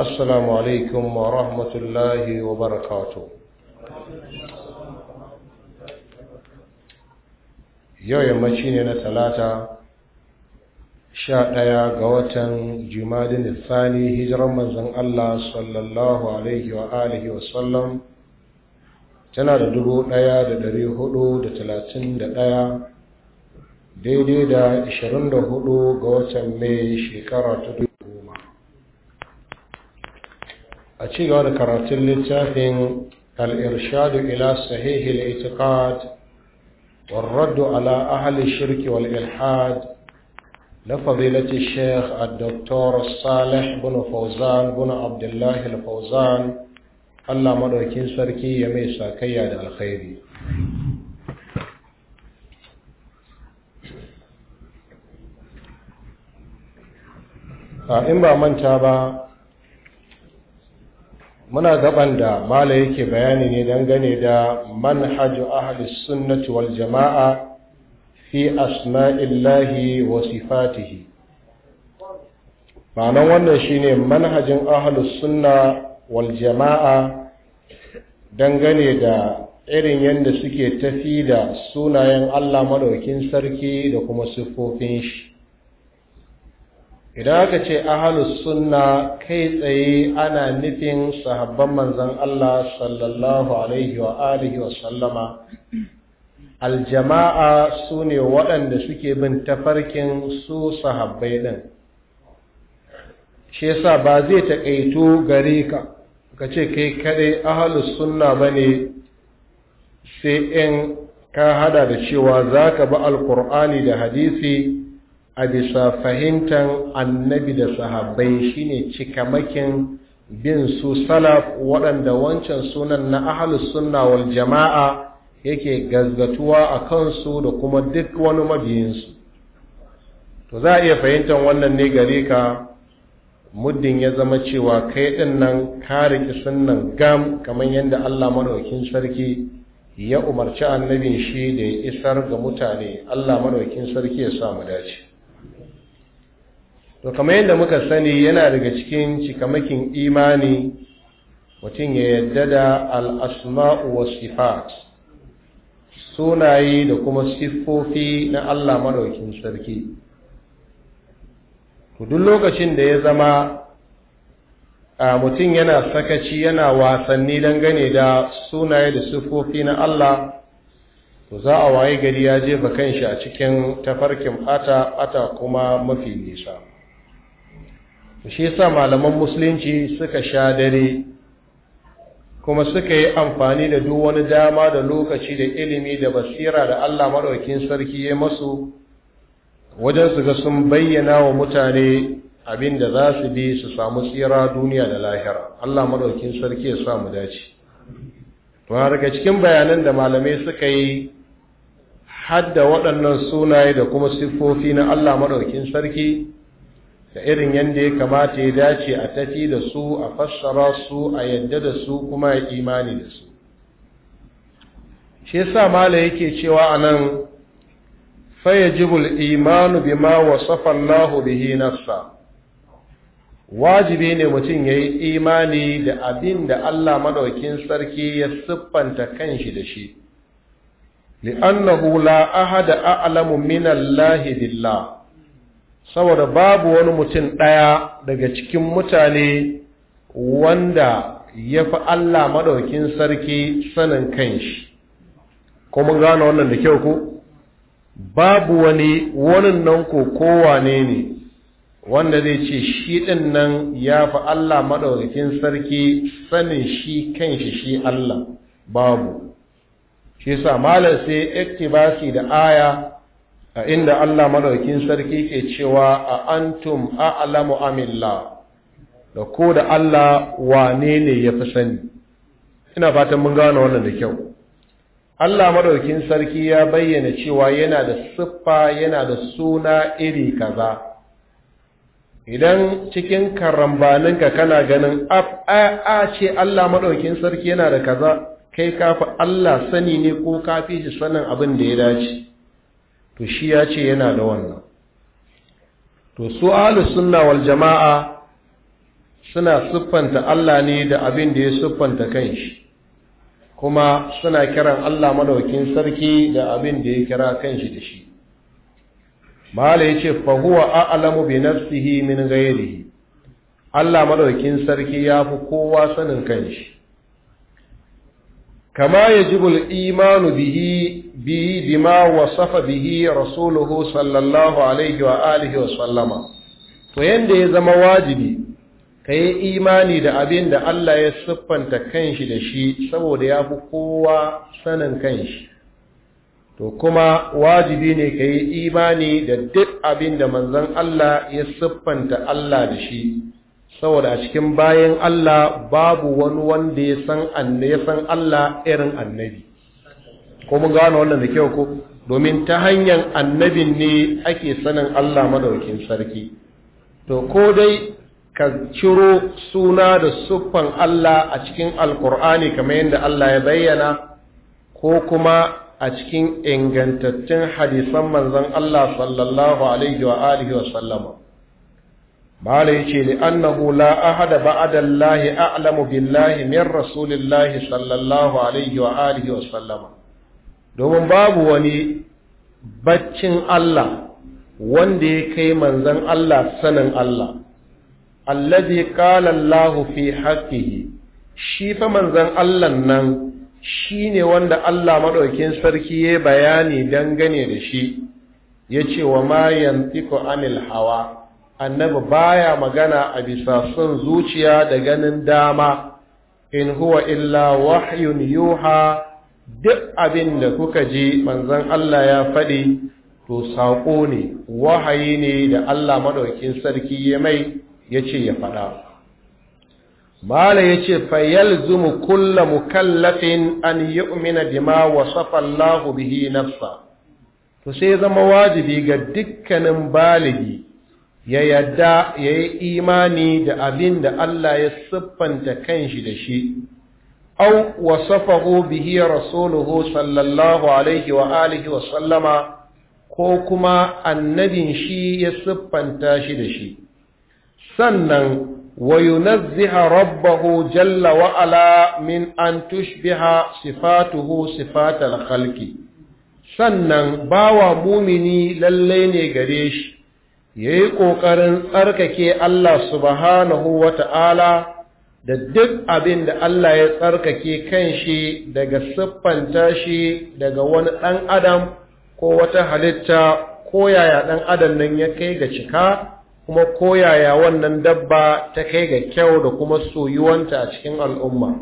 السلام عليكم ورحمة الله وبركاته yau yammaci ne na talata sha ɗaya ga watan jimadin tsani hijiran manzan Allah sallallahu alaihi wa alihi wa sallam tana da dubu ɗaya da ɗari hudu da talatin da ɗaya daidai da ashirin da hudu ga watan mai shekara ta أتي قال كرات للتاهين الإرشاد إلى صحيح الإعتقاد والرد على أهل الشرك والإلحاد لفضيلة الشيخ الدكتور الصالح بن فوزان بن عبد الله الفوزان الله مدركين سركي يميسا كياد الخيري إما آه، من تابع muna gaban da mala yake bayani ne dangane da manhaju ahli sunnati wal jama'a fi asma'illahi wa sifatihi ma'anan wannan shine manhajin ahli sunna wal jama'a dangane da irin yadda suke tafi da sunayen Allah madaukin sarki da kuma siffofin shi idan aka ce ahalus sunna kai tsaye ana nufin sahabban manzan Allah sallallahu alaihi wa alihi wa sallama aljama'a su ne waɗanda suke bin tafarkin su sahabbai ɗin shi yasa ba zai taƙaito gare ka ka ce kai kaɗai ahalus sunna ba ne sai in ka hada da cewa za ka bi alkur'ani da hadisi a bisa fahimtar annabi da sahabbai shine cikamakin bin su salaf waɗanda wancan sunan na ahlus sunna wal jama'a yake gazgatuwa a kansu da kuma duk wani mabiyinsu to za a iya fahimtar wannan ne gare ka muddin ya zama cewa kai ɗin nan ka riƙi sunnan gam kamar yadda Allah maɗaukin sarki ya umarci annabin shi da ya isar ga mutane Allah maɗaukin sarki ya samu dace to kamar yadda muka sani yana daga cikin cikamakin imani mutum ya yadda da al'asma'u wa sifat sunayi da kuma siffofi na Allah maɗaukin sarki to duk lokacin da ya zama a mutum yana sakaci yana wasanni dangane da sunaye da siffofi na Allah to za a waye gari ya jefa kanshi a cikin tafarkin ata ata kuma mafi nisa shi yasa malaman musulunci suka sha dare kuma suka yi amfani da duk wani dama da lokaci da ilimi da basira da Allah maɗaukin sarki ya masu wajen su ga sun bayyana wa mutane abin da za su bi su samu tsira duniya da lahira Allah maɗaukin sarki ya samu dace to daga cikin bayanan da malamai suka yi hadda waɗannan sunaye da kuma siffofi na Allah maɗaukin sarki da irin yadda ya kamata ya dace a tafi da su a fassara su a yadda da su kuma ya imani da su shi yasa mala yake cewa anan fayajibu al-imanu bima wasafa Allah bihi nafsa wajibi ne mutum yayi imani da abin da Allah madaukin sarki ya siffanta kanshi da shi li'annahu la ahada a'lamu min allahi billah saboda babu wani mutum ɗaya daga cikin mutane wanda ya fi Allah maɗaukin sarki sanin kanshi ko mun gane wannan da kyau ku. babu wani wani nan ko kowane ne wanda zai ce shi ɗin nan ya fi Allah maɗaukin sarki sanin shi kanshi shi Allah babu shi sa malar sai ya da aya a inda Allah madaukin sarki ke cewa a antum a'lamu amillah da ko da Allah wane ne ya fi sani ina fatan mun gane wannan da kyau Allah madaukin sarki ya bayyana cewa yana da siffa yana da suna iri kaza idan cikin karambaninka kana ganin a ce Allah madaukin sarki yana da kaza kai kafi Allah sani ne ko kafi shi sanin abin da ya dace to shi ya ce yana da wannan to su ahlus sunna wal jama'a suna siffanta Allah ne da abin da ya siffanta kanshi kuma suna kiran Allah madaukin sarki da abin da ya kira kanshi da shi mala yace fa huwa a'lamu bi nafsihi min ghairihi Allah madaukin sarki yafi kowa sanin kanshi kama ya al-imanu bihi bihi bima wasafa rasuluhu sallallahu to yanda ya zama wajibi ka yi imani da abin da Allah ya siffanta kanshi da shi saboda ya fi kowa sanin kanshi to kuma wajibi ne ka yi imani da duk abin da manzon Allah ya siffanta Allah da shi saboda a cikin bayan Allah babu wani wanda ya san annabi ya san Allah irin annabi ko mun gano wannan da kyau ko domin ta hanyar annabin ne ake sanin Allah maɗaukin sarki to ko dai ka ciro suna da siffan Allah a cikin alkur'ani kamar yadda Allah ya bayyana ko kuma a cikin ingantattun hadisan manzon Allah sallallahu alaihi wa alihi wa sallama mala yace ce annahu la ahada ba'da a'lamu billahi min rasulillahi sallallahu alaihi wa alihi wa sallama domin babu wani baccin Allah wanda ya kai manzon Allah sanin Allah alladhi qala Allah fi haqqihi shi fa manzon Allah nan shine wanda Allah madaukin sarki ya bayani dangane da shi yace wa ma yantiqu anil hawa annabi baya magana a bisa son zuciya da ganin dama in huwa illa wahyun yuha duk abin da kuka ji manzon Allah ya faɗi to saƙo ne wahayi ne da Allah maɗaukin sarki ya mai ya ce ya faɗa mala ya ce mu kulla mukallafin an yu'mina bima wasafa Allahu bihi nafsa to sai zama wajibi ga dukkanin baligi ya yadda ya yi imani da abin da Allah ya siffanta kanshi da shi, au wasafahu bihi rasuluhu sallallahu alaihi wa alihi wa sallama ko kuma annabin shi ya siffanta shi da shi. Sannan, wa yunazziha rabbahu jalla wa ala min an tushbiha sifatuhu sifatal khalqi sannan bawa mumini lalle ne gare shi ya yi ƙoƙarin tsarkake Allah subhanahu wa ta'ala da duk abin da Allah ya tsarkake kan shi daga siffanta shi daga wani ɗan adam ko wata halitta ko yaya ɗan adam nan ya kai ga cika kuma ko yaya wannan dabba ta kai ga kyau da kuma soyuwanta a cikin al'umma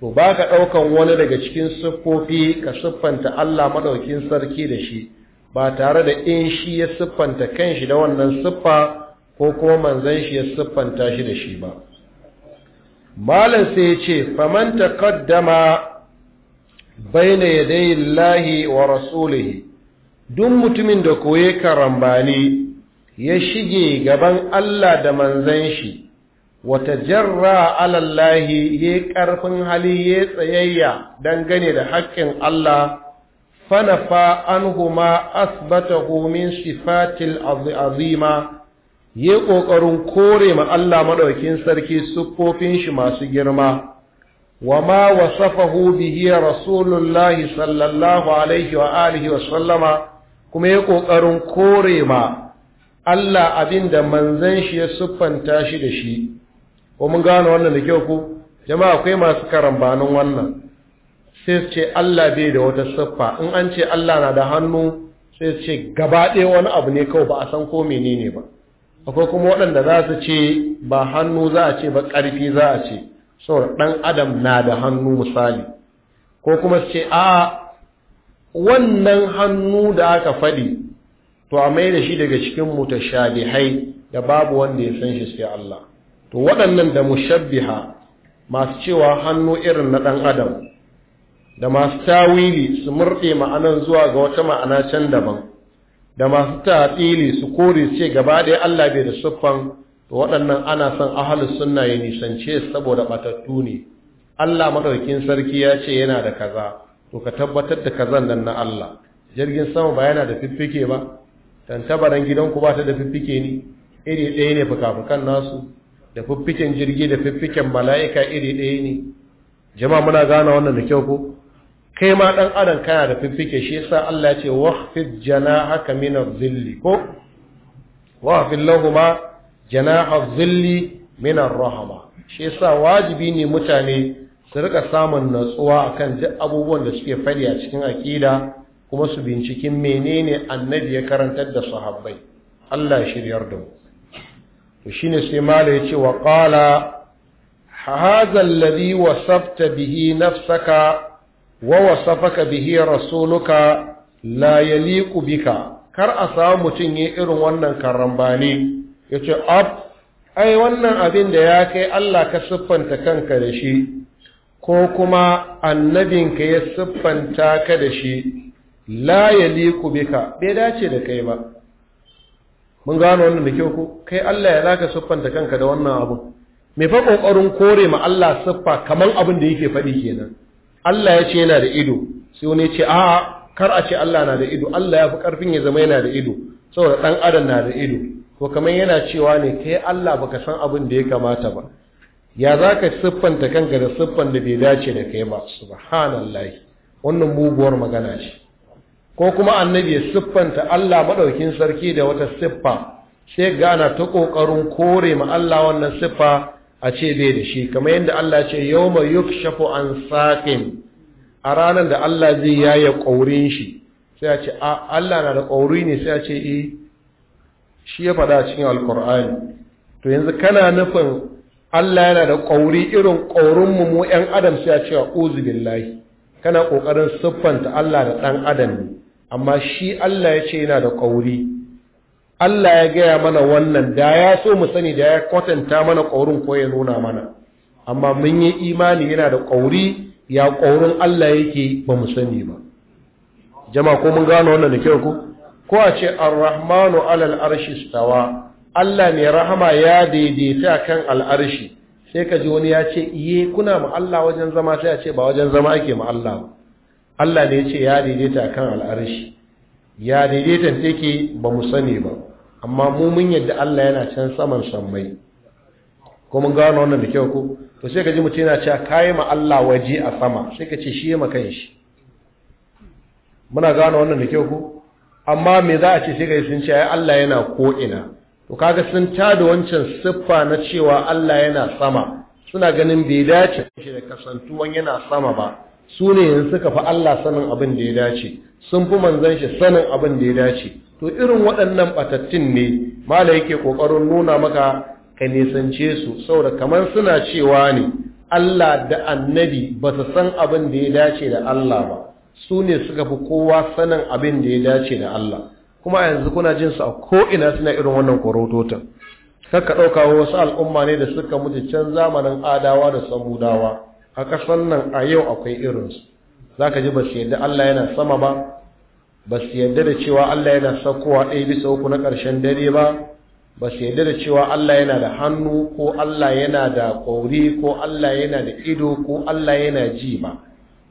to ba ka ɗaukan wani daga cikin siffofi ka siffanta Allah maɗaukin sarki da shi ba tare da in shi ya siffanta kan shi da wannan siffa ko kuma manzan shi ya siffanta shi da shi ba malam sai ya ce faman bai baina yadayi lahi wa rasulihi duk mutumin da koye karambani ya shige gaban Allah da manzan shi wata jarra alallahi ya ƙarfin hali ya tsayayya dangane da haƙƙin Allah fanafa anhuma asbatahu min sifatil azima yi ƙoƙarin kore ma Allah maɗaukin sarki siffofin shi masu girma wa ma wasafahu bihi rasulullahi sallallahu alaihi wa alihi wa sallama kuma ya ƙoƙarin kore ma Allah abin da manzan shi ya siffanta shi da shi ko mun gane wannan da kyau ku jama'a akwai masu karambanin wannan sai su ce Allah bai da wata siffa in an ce Allah na da hannu sai su ce gabaɗe wani abu ne kawai ba a san ko menene ba akwai kuma waɗanda za su ce ba hannu za a ce ba ƙarfi za a ce saboda ɗan adam na da hannu misali ko kuma su ce a wannan hannu da aka faɗi to a mai da shi daga cikin mutashabihai da babu wanda ya san shi sai Allah to waɗannan da mushabbiha masu cewa hannu irin na ɗan adam da masu tawili su murɗe ma'anan zuwa ga wata ma'ana can daban da masu ta'atili su kore ce gaba ɗaya Allah bai da siffan waɗannan ana son ahalu sunna ya nisance saboda batattu ne Allah maɗaukin sarki ya ce yana da kaza to ka tabbatar da kazan nan na Allah jirgin sama ba yana da fiffike ba tantabaran gidanku ba ta da fiffike ne iri ɗaya ne fuka-fukan nasu da fiffiken jirgi da fiffiken mala'ika iri ɗaya ne jama'a muna gane wannan da kyau ko kai ma ɗan adam kana da fiffike shi yasa Allah ya ce wahfid janahaka min adh ko wahfid lahumma janaha zilli min ar-rahma shi yasa wajibi ne mutane su rika samun natsuwa akan duk abubuwan da suke fadi a cikin akida kuma su binciken menene annabi ya karantar da sahabbai Allah ya shiryar da mu to shine sai malai yace wa qala hadha alladhi wasafta bihi nafsaka wa wasafaka bihi rasuluka la yaliqu bika kar a samu mutum yi irin wannan karambani yace ab ai wannan abin da ya kai Allah ka siffanta kanka da shi ko kuma annabinka ya siffanta ka da shi la yaliqu bika bai dace da kai ba mun gano wannan da kyau ko kai Allah ya zaka siffanta kanka da wannan abu me fa kokarin kore ma Allah siffa kaman abin da yake faɗi kenan Allah ya ce yana da ido sai wani ya ce a kar a ce Allah na da ido Allah ya fi karfin ya zama yana da ido saboda dan adam na da ido ko kamar yana cewa ne kai Allah baka san abin da ya kamata ba ya zaka siffanta kanka da siffan da bai dace da kai ba subhanallahi wannan muguwar magana ce ko kuma annabi ya siffanta Allah madaukin sarki da wata siffa sai ana ta kokarin kore ma Allah wannan siffa a ce bai da shi kamar yadda Allah ce yawma yukshafu an saqin a ranar da Allah zai yaya ƙaurin shi sai a ce Allah na da ƙauri ne sai a ce eh shi ya faɗa cikin alkur'ani to yanzu kana nufin Allah yana da ƙauri irin ƙaurin mu mu ƴan adam sai a ce uzu billahi kana ƙoƙarin siffanta Allah da ɗan adam ne amma shi Allah ya ce yana da ƙauri Allah ya gaya mana wannan da ya so mu sani da ya kwatanta mana ƙaurin ko ya nuna mana amma mun yi imani yana da ƙauri ya ƙaurin Allah yake ba mu sani ba jama ko mun gano wannan da kyau ko ko a ce ar-rahmanu alal arshi stawa Allah ne rahama ya daidaita kan al'arshi sai ka ji wani ya ce iye kuna mu Allah wajen zama sai a ce ba wajen zama ake ma Allah ba Allah ne ya ce ya daidaita kan al'arshi ya daidaita take ba mu sani ba amma mu mun yadda Allah yana can saman sammai ko mun gano wannan da kyau ko to sai ka ji mutum yana cewa kayi ma Allah waje a sama sai ka ce shi ya makan shi muna gano wannan da kyau ko amma me za a ce sai ka yi sun ce ai Allah yana ko ina to kaga sun tada wancan siffa na cewa Allah yana sama suna ganin bai dace shi da kasantuwan yana sama ba su ne yanzu suka fi Allah sanin abin da ya dace sun fi manzon shi sanin abin da ya dace to irin waɗannan batattun ne mala yake kokarin nuna maka ka nisance su saboda kamar suna cewa ne Allah da annabi ba su san abin da ya dace da Allah ba su ne suka fi kowa sanin abin da ya dace da Allah kuma yanzu kuna jin su a ko'ina suna irin wannan Kar ka ɗauka wasu al'umma ne da suka mutu can zamanin adawa da samudawa a ƙasar nan a yau akwai irinsu za ka ji ba su yadda Allah yana sama ba ba su yarda da cewa Allah yana saukowa ɗaya bisa uku na ƙarshen dare ba ba su yarda da cewa Allah yana da hannu ko Allah yana da ƙauri ko Allah yana da ido ko Allah yana ji ba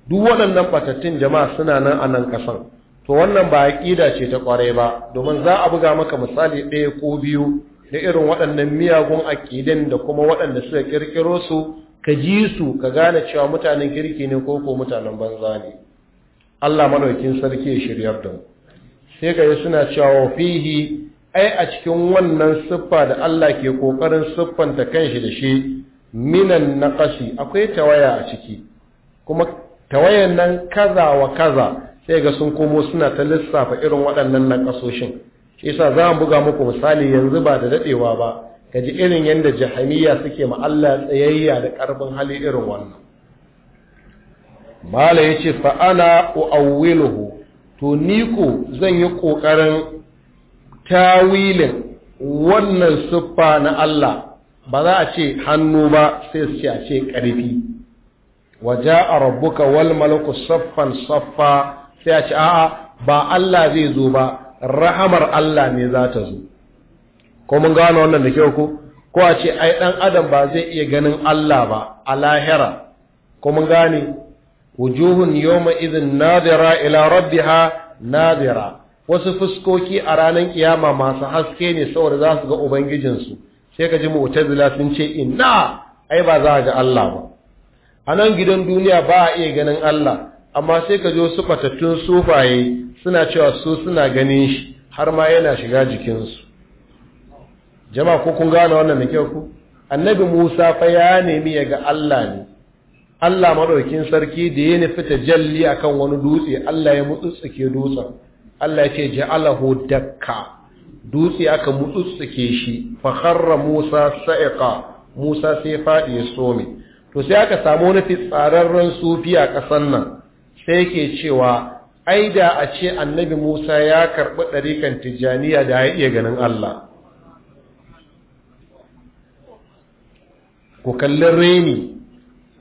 duk waɗannan batattun jama'a suna nan a nan ƙasan to wannan ba aƙida ce ta ƙwarai ba domin za a buga maka misali ɗaya ko biyu na irin waɗannan miyagun aƙidan da kuma waɗanda suka ƙirƙiro su ka ji su ka gane cewa mutanen kirki ne ko ko mutanen banza ne Allah madaukin sarki ya shiryar da mu sai ga suna cewa fihi ai a cikin wannan siffa da Allah ke kokarin siffanta kanshi da shi minan naqashi akwai tawaya a ciki kuma tawayan nan kaza wa kaza sai ga sun komo suna ta lissafa irin waɗannan naqasoshin shi yasa za mu buga muku misali yanzu ba da dadewa ba kaji irin yadda jahamiya suke ma Allah tsayayya da ƙarfin hali irin wannan mala ya ce fa'ana u'awwiluhu to ni ko zan yi ƙoƙarin tawilin wannan siffa na Allah ba za a ce hannu ba sai su ce a ce ƙarfi waje a rabbuka wal malaku saffan saffa sai a ce a'a ba Allah zai zo ba rahamar Allah ne za ta zo ko mun gano wannan da kyau ko ko a ce ai dan adam ba zai iya ganin Allah ba a lahira ko mun gane wujuhun يوم إذن ناظرة إلى ربها ناظرة wasu fuskoki a ranar kiyama masu haske ne saboda za su ga ubangijinsu sai ka ji mu'tazila sun ce inna ai ba za a ga Allah ba a nan gidan duniya ba a iya ganin Allah amma sai ka jo su batattun sufaye suna cewa su suna ganin shi har ma yana shiga jikinsu jama'a ko kun gane wannan da kyau ku annabi Musa fa ya nemi ya ga Allah ne Allah madaukin sarki da ya nufi tajalli akan wani dutse Allah ya mutsutsuke dutsen Allah ya ce ja'alahu dakka dutse aka mutsutsuke shi fa kharra Musa sa'iqa Musa sai fadi ya some to sai aka samu wani tsararren sufi a kasan nan sai yake cewa ai da a ce annabi Musa ya karɓi ɗarikan Tijjaniya da ya iya ganin Allah ku kalli reni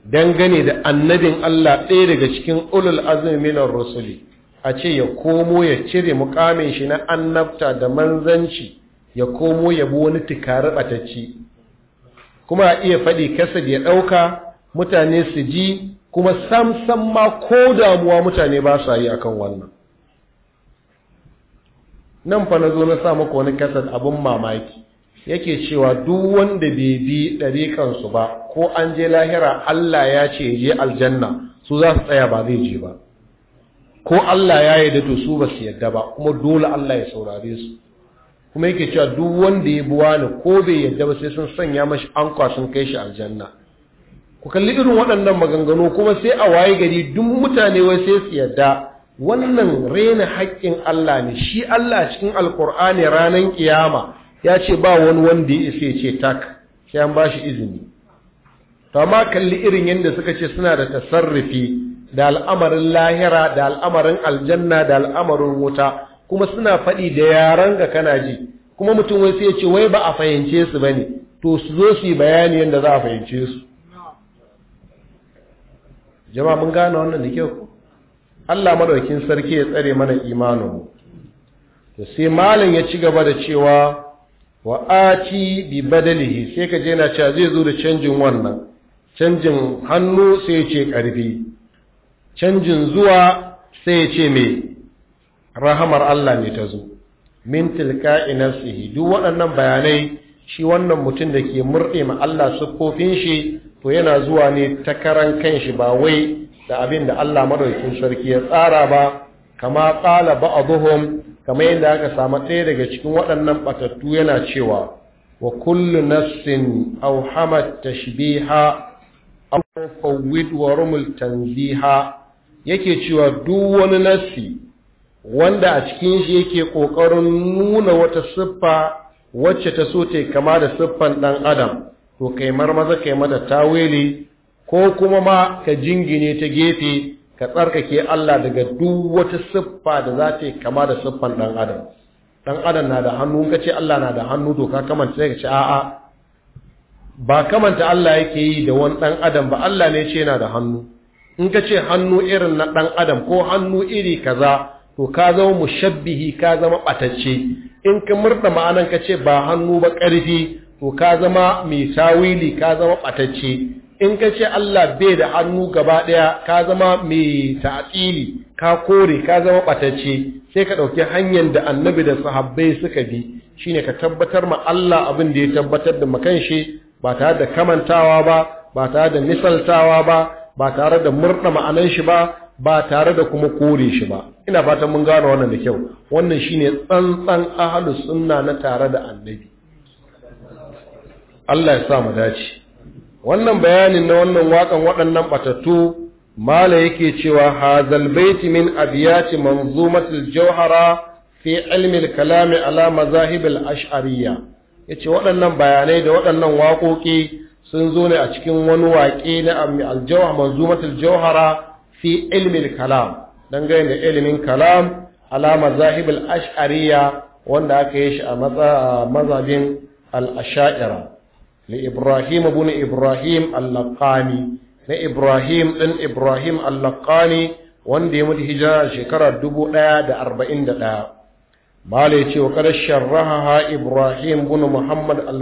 dangane da annabin Allah ɗaya daga cikin ulul azmi minar rusuli a ce ya komo ya cire mukamin shi na annabta da manzanci ya komo ya bi wani tukari batacci kuma a iya faɗi kasar ya ɗauka mutane su ji kuma sam-sam ma ko damuwa mutane ba su yi akan wannan nan fa na zo na sa maka wani kasar abin mamaki yake cewa duk wanda bai bi ɗariƙansu ba ko an je lahira Allah ya ce je aljanna su za su tsaya ba zai je ba ko Allah ya yarda to su ba su yarda ba kuma dole Allah ya saurare su kuma yake cewa duk wanda ya buwa ne ko bai yarda ba sai sun sanya mashi kwa sun kai shi aljanna ku kalli irin waɗannan maganganu kuma sai a waye gari duk mutane wai sai su yarda wannan rena haƙƙin Allah ne shi Allah cikin alkur'ani ranan kiyama ya ce ba wani wanda ya isa ya ce tak sai an ba shi izini to ma kalli irin yadda suka ce suna da tasarrufi da al'amarin lahira da al'amarin aljanna da al'amarin wuta kuma suna faɗi da yaran ga kana ji kuma mutum wai sai ya ce wai ba a fahimce su ba ne to su zo su yi bayani yadda za a fahimce su jama'a mun gane wannan da kyau Allah madaukin sarki ya tsare mana mu to sai malam ya ci gaba da cewa wa ati bi badalihi sai ka je na cewa zai zo da canjin wannan canjin hannu sai ya ce ƙarfi canjin zuwa sai ya ce mai rahamar Allah ne ta zo min tilka inasihi duk waɗannan bayanai shi wannan mutum da ke murɗe ma Allah siffofin shi to yana zuwa ne ta karan kanshi ba wai da abin da Allah madaukin sarki ya tsara ba kama qala ba'dhum kamar yadda aka samu ɗaya daga cikin waɗannan batattu yana cewa wa kullu nafsin aw hamat tashbiha aw fawwid wa rumul tanziha yake cewa duk wani nafsi wanda a cikin shi yake ƙoƙarin nuna wata siffa wacce ta so ta kama da siffan ɗan adam to kai marmaza kai mata tawili ko kuma ma ka jingine ta gefe ka tsarkake Allah daga duk wata siffa da za ta yi kama da siffan ɗan adam ɗan adam na da hannu ka ce Allah na da hannu to ka kamanta sai ka ce a'a ba kamanta Allah yake yi da wani ɗan adam ba Allah ne ce yana da hannu in ka ce hannu irin na ɗan adam ko hannu iri kaza to ka zama mushabbihi ka zama ɓatacce in ka murda ma'anan ka ce ba hannu ba ƙarfi to ka zama mai tawili ka zama ɓatacce in ka ce Allah bai da hannu gaba ɗaya ka zama mai ta'atili ka kore ka zama ɓatacce sai ka ɗauki hanyar da annabi da sahabbai suka bi shine ka tabbatar ma Allah abin da ya tabbatar da makanshi ba tare da kamantawa ba ba tare da misaltawa ba ba tare da murna ma'anan shi ba ba tare da kuma kore shi ba ina fatan mun gano wannan da kyau wannan shine tsantsan ahlus sunna na tare da annabi Allah ya sa mu dace wannan bayanin na wannan waƙan waɗannan batattu mala yake cewa hazal baiti min abiyati manzumatil jauhara fi ilmi kalami ala mazahib ashariyya yace waɗannan bayanai da waɗannan waƙoƙi sun zo ne a cikin wani waƙe na ammi jawhar manzumatul jawhara fi ilmi kalam dangane da ilimin kalam ala mazahib ashariyya wanda aka yi shi a mazhabin al-ash'ira Na ibrahim ibn ibrahim al na ibrahim ɗan ibrahim al wanda ya mutu hijira shekara ɗaya. mala ya ce wa kada sharraha ibrahim ibn muhammad al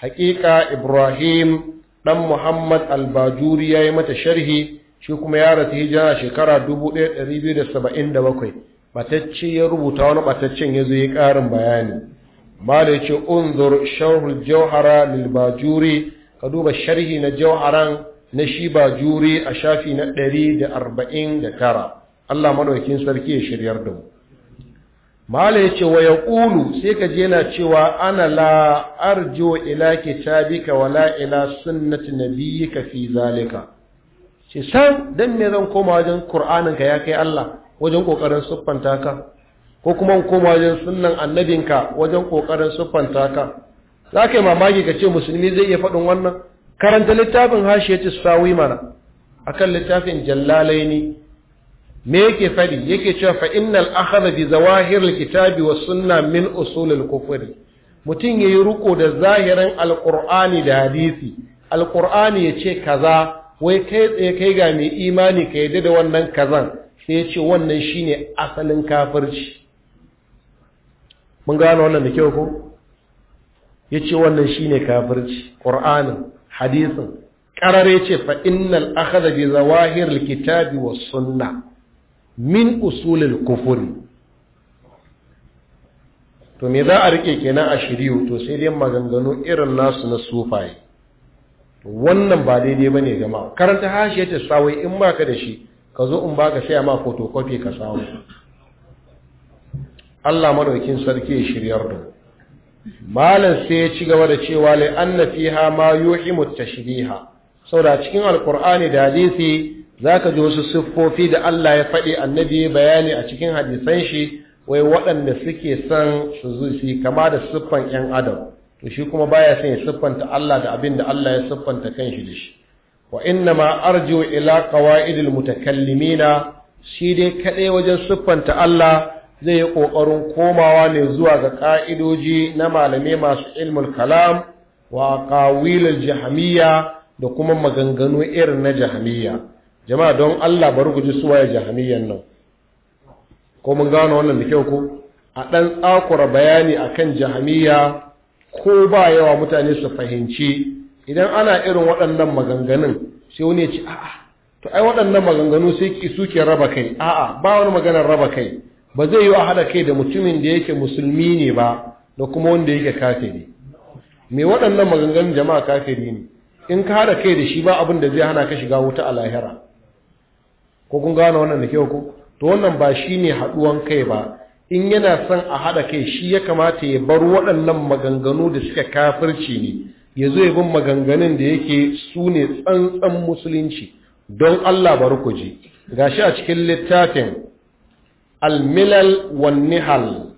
haƙiƙa ibrahim ɗan muhammad al-bajuri ya yi mata sharhi shi kuma ya rasu hijira shekara bakwai. batacce ya rubuta wani bataccen ya zo ya ƙarin bayani malai ce unzur sharhul jawhara lil bajuri ka duba sharhi na jawharan na shi bajuri a shafi na 149 Allah madaukakin sarki ya shiryar da mu malai ce, wa yaqulu sai ka je yana cewa ana la arju ila tabika wala ila sunnati ka fi zalika ce san dan me zan koma wajen qur'aninka ya kai Allah wajen ƙoƙarin siffanta ka ko kuma in koma wajen sunan annabinka wajen kokarin siffanta ka za ka yi mamaki ka ce musulmi zai iya faɗin wannan karanta littafin hashi ya ci sawi mana akan littafin jallalai ne me yake faɗi yake cewa fa innal akhadha bi zawahir alkitabi was sunna min usul alkufri mutum yayi ruko da zahirin alqur'ani da hadisi alqur'ani yace kaza wai kai tsaye kai ga mai imani ka yadda da wannan kazan sai ya ce wannan shine asalin kafirci mun gano wannan da kyau ko ya ce wannan shi ne kafirci ƙur'anin hadisin ƙarare ce fa innal akhadha bi zawahir alkitabi was sunna min usulil kufuri to me za a rike kenan a shiriyu to sai dai maganganu irin nasu na sufaye wannan ba daidai bane gama karanta hashiyar ta sawai in baka da shi ka zo in baka sai ma photocopy ka samu Allah madaukin sarki ya shiryar da malam sai ya ci gaba da cewa la anna fiha ma yuhimu tashbiha saboda cikin alqur'ani da hadisi zaka ji wasu siffofi da Allah ya faɗi annabi bayani a cikin hadisan shi wai waɗanda suke son su zuci kama da siffan ƴan adam to shi kuma baya son ya siffanta Allah da abin da Allah ya siffanta kanshi da shi wa inna ma arju ila qawaidil mutakallimina shi dai kaɗai wajen siffanta Allah zai yi ƙoƙarin komawa ne zuwa ga ƙa'idoji na malamai masu ilmul kalam wa ƙawilar jahamiyya da kuma maganganu irin na jihamiya jama'a don Allah bari ku suwa ya jihamiyan nan ko mun gano wannan da kyau ku. a ɗan tsakura bayani a kan jihamiya ko ba yawa mutane su fahimci idan ana irin waɗannan maganganun sai wani ya ci a'a to ai waɗannan maganganu sai ki suke raba kai a'a ba wani maganar raba kai ba zai yi hada kai da mutumin da yake musulmi ne ba da kuma wanda yake kafiri mai waɗannan maganganun jama'a kafiri ne in ka haɗa kai da shi ba abin da zai hana ka shiga wuta a lahira ko kun gane wannan da kyau ko to wannan ba shi ne haɗuwan kai ba in yana son a haɗa kai shi ya kamata ya bar waɗannan maganganu da suka kafirci ne ya zo ya bin maganganun da yake su ne tsantsan musulunci don Allah bari ku ji gashi a cikin littafin al-milal wan nihal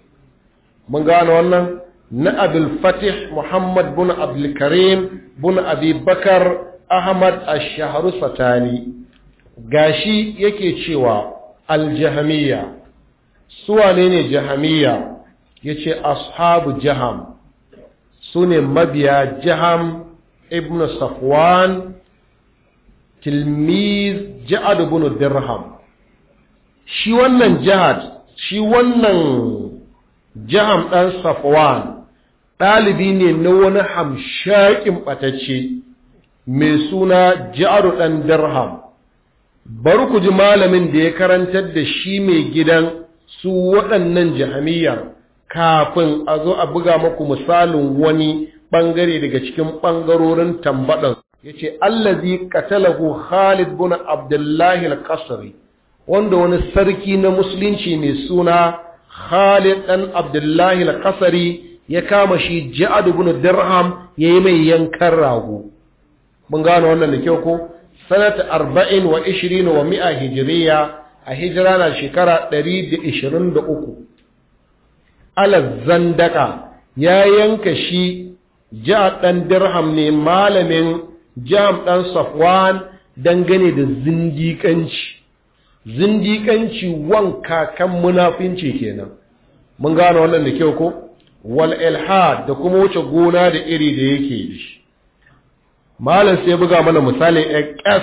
mun gano wannan na abul fatih muhammad bin abdul karim bin abi bakar ahmad ash-shahru satani gashi yake cewa al-jahmiya wane ne jahmiya yace ashabu jaham sune mabiya jaham ibnu safwan tilmiz ja'ad ibn dirham shi wannan jihad shi wannan jiham ɗan safwan ɗalibi ne na wani hamshakin ɓatacce mai suna ja'aru ɗan darham bari ku ji malamin da ya karantar da shi mai gidan su waɗannan jihamiyyar kafin a zo a buga maku misalin wani ɓangare daga cikin ɓangarorin tambaɗan ya ce allazi katalahu khalid bin abdullahi al-qasri wanda wani sarki na musulunci mai suna Khalid dan Abdullahi al-Qasari ya kama shi Ja'ad ibn Dirham yayi mai yankan rago mun gano wannan da kyau ko sanata 40 wa 20 wa 100 hijriya a hijira na shekara 123 Zandaka ya yanka shi Ja'ad dan Dirham ne malamin Jam dan Safwan dangane da zindikanci zindiƙanci wanka kan munafinci kenan mun gano wannan da kyau ko wal ilhad da kuma wuce gona da iri da yake yi malam sai buga mana misali ƙas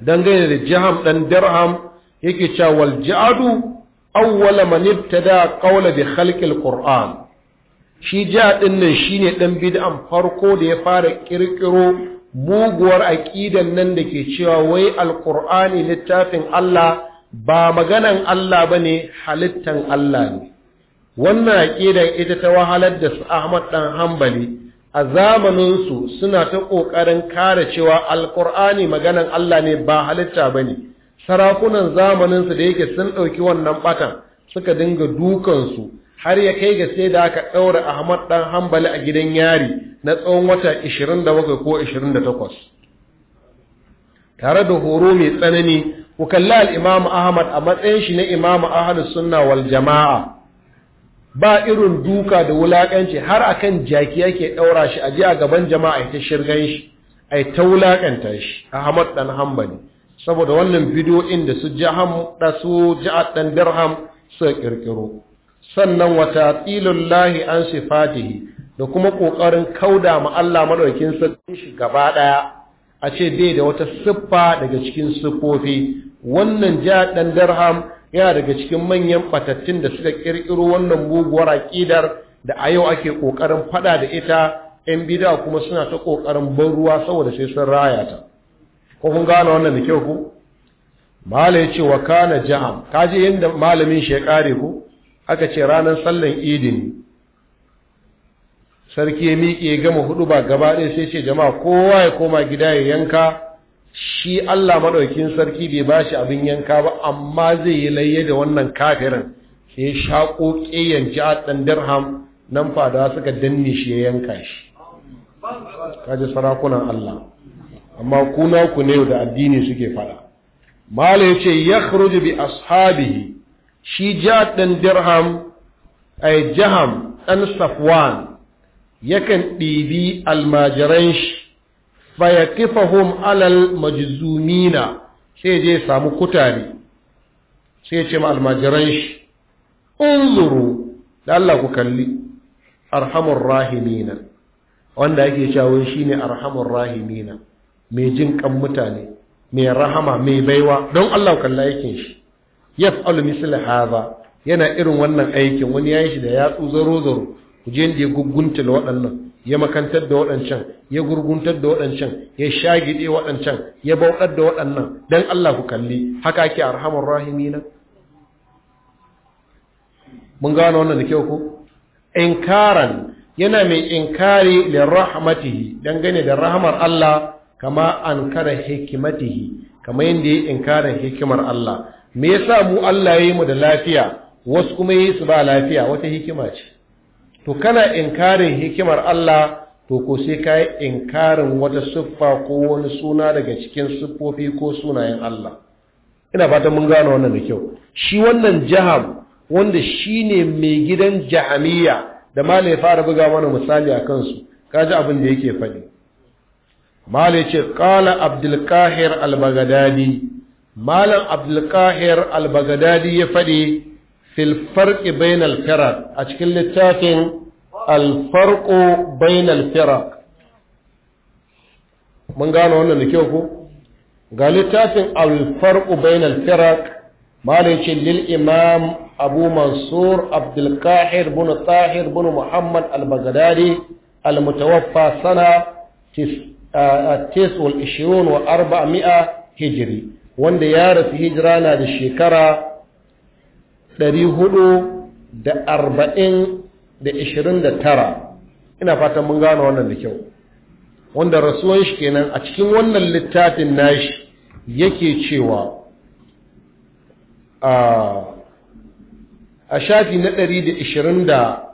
dangane da jiham ɗan dirham yake cewa wal ja'adu awwala man ibtada qawla bi khalqil qur'an shi ja ɗinnan nan shine ɗan bid'an farko da ya fara kirkiro muguwar aƙidan nan da ke cewa wai alƙur'ani littafin Allah ba maganan Allah ba ne halittan Allah ne wannan aƙidan ita ta wahalar da su Ahmad ɗan hambali a zamaninsu suna ta ƙoƙarin kare cewa alƙur'ani maganan Allah ne ba halitta ba ne sarakunan zamaninsu da yake sun ɗauki wannan ɓatan suka dinga dukansu har ya kai ga sai da aka ɗaura ahmad ɗan hambali a gidan yari na tsawon wata 27 ko 28 tare da horo mai tsanani ku kalli al'imamu ahmad a matsayin shi na Imam ahalus sunna wal jama'a ba irin duka da wulaƙanci har akan jaki yake ɗaura shi a ji a gaban jama'a ta shirgan shi a ta wulaƙanta shi ahmad ɗan hambali saboda wannan bidiyo ɗin da su a ɗan dirham suka ƙirƙiro sannan wata ta'tilul lahi an sifatihi da kuma kokarin kauda ma Allah madaukin sarki shi gaba ɗaya, a ce dai da wata siffa daga cikin siffofi wannan jaɗan darham yana daga cikin manyan batattun da suka kirkiro wannan muguwar aqidar da a yau ake kokarin faɗa da ita yan bid'a kuma suna ta kokarin ban ruwa saboda sai sun raya ta ko kun gane wannan da kyau ku malai ce wa kana ja'am kaje yanda malamin shi ya kare ku aka ce ranar sallan idin sarki ya miƙe gama hudu ba gaba ɗaya sai ce jama'a kowa ya koma gida ya yanka shi Allah maɗaukin sarki bai ba shi abin yanka ba amma zai yi layya da wannan kafirin sai ya shaƙo ƙeyanci a ɗan dirham nan fada suka danne shi ya yanka shi kaji sarakunan Allah amma kuna ku ne da addini suke faɗa malai ya ce ya bi ashabihi shi ja ɗan dirham a jiham ɗan safwan yakan ɗibi almajiran shi fayakifahum alal majzumina sai je samu kutare sai ce ma almajiran shi zuru da Allah ku kalli Arhamun rahimina wanda yake shi shine arhamun rahimina mai jin kan mutane mai rahama mai baiwa don Allah ku kalla yake shi yaf'alu misl hadha yana irin wannan aikin wani yayi shi da yatsu zaro zaro ku je inda ya gugunta da waɗannan ya makantar da waɗancan ya gurguntar da waɗancan ya shagide waɗancan ya bauɗar da waɗannan dan Allah ku kalli haka ake arhamar rahimina mun gano wannan da kyau ko inkaran yana mai inkari li rahmatihi gane da rahmar Allah kama ankara hikimatihi kama yanda ya inkara hikimar Allah me yasa mu Allah ya yi mu da lafiya wasu kuma yi su ba lafiya wata hikima ce to kana inkarin hikimar Allah to ko sai ka yi inkarin wata siffa ko wani suna daga cikin siffofi ko sunayen Allah ina fatan mun gano wannan da kyau shi wannan jaham wanda shi ne mai gidan jahamiya da mala ya fara buga mana misali a kansu kaji abin da yake faɗi mala ce ce ƙala abdulkahir al-bagadadi malam abdulkahir al-bagadadi ya faɗi filfarƙi bainal firak a cikin littafin alfarko bainal firak mun gano wannan da kyau ku? ga littafin alfarko bainal firak malin ce lil imam abu mansur abdulkahir bin tahir bin muhammad al-bagadadi al-mutawaffa sana 29 wa 400 hijri wanda ya rasu hijira na da shekara da 449 ina fatan mun gano wannan da kyau wanda rasuwan shi kenan a cikin wannan littafin nashi yake cewa a shafi na 128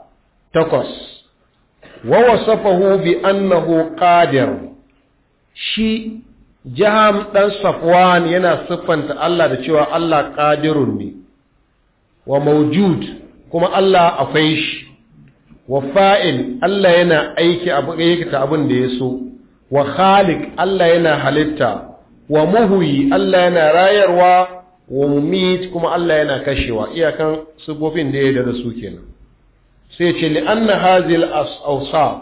wa wasafahu bi annahu qadir shi jiham ɗan safwan yana siffanta Allah da cewa Allah ƙadirun ne wa maujud kuma Allah akwai shi wa fa'il Allah yana aiki aikata abin da ya so wa khalik Allah yana halitta wa muhuyi Allah yana rayarwa wa mumit kuma Allah yana kashewa iyakan sifofin da ya da su kenan sai ce li anna hazil as-awsaf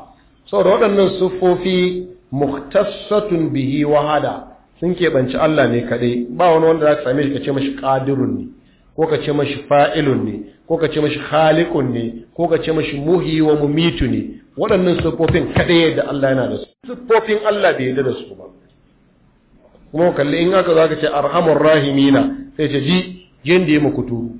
saboda waɗannan sifofi muhtassatun bihi wahada sun keɓanci Allah ne kaɗai ba wani wanda za ka same shi ka ce mashi ƙadirun ne ko ka ce mashi fa'ilun ne ko ka ce mashi khaliqun ne ko ka ce mashi muhi wa mumitu ne waɗannan siffofin kaɗai yadda Allah yana da su siffofin Allah bai yadda da su ba kuma kalli in aka za ka ce arhamar rahimina sai ce ji jin da ya muku turu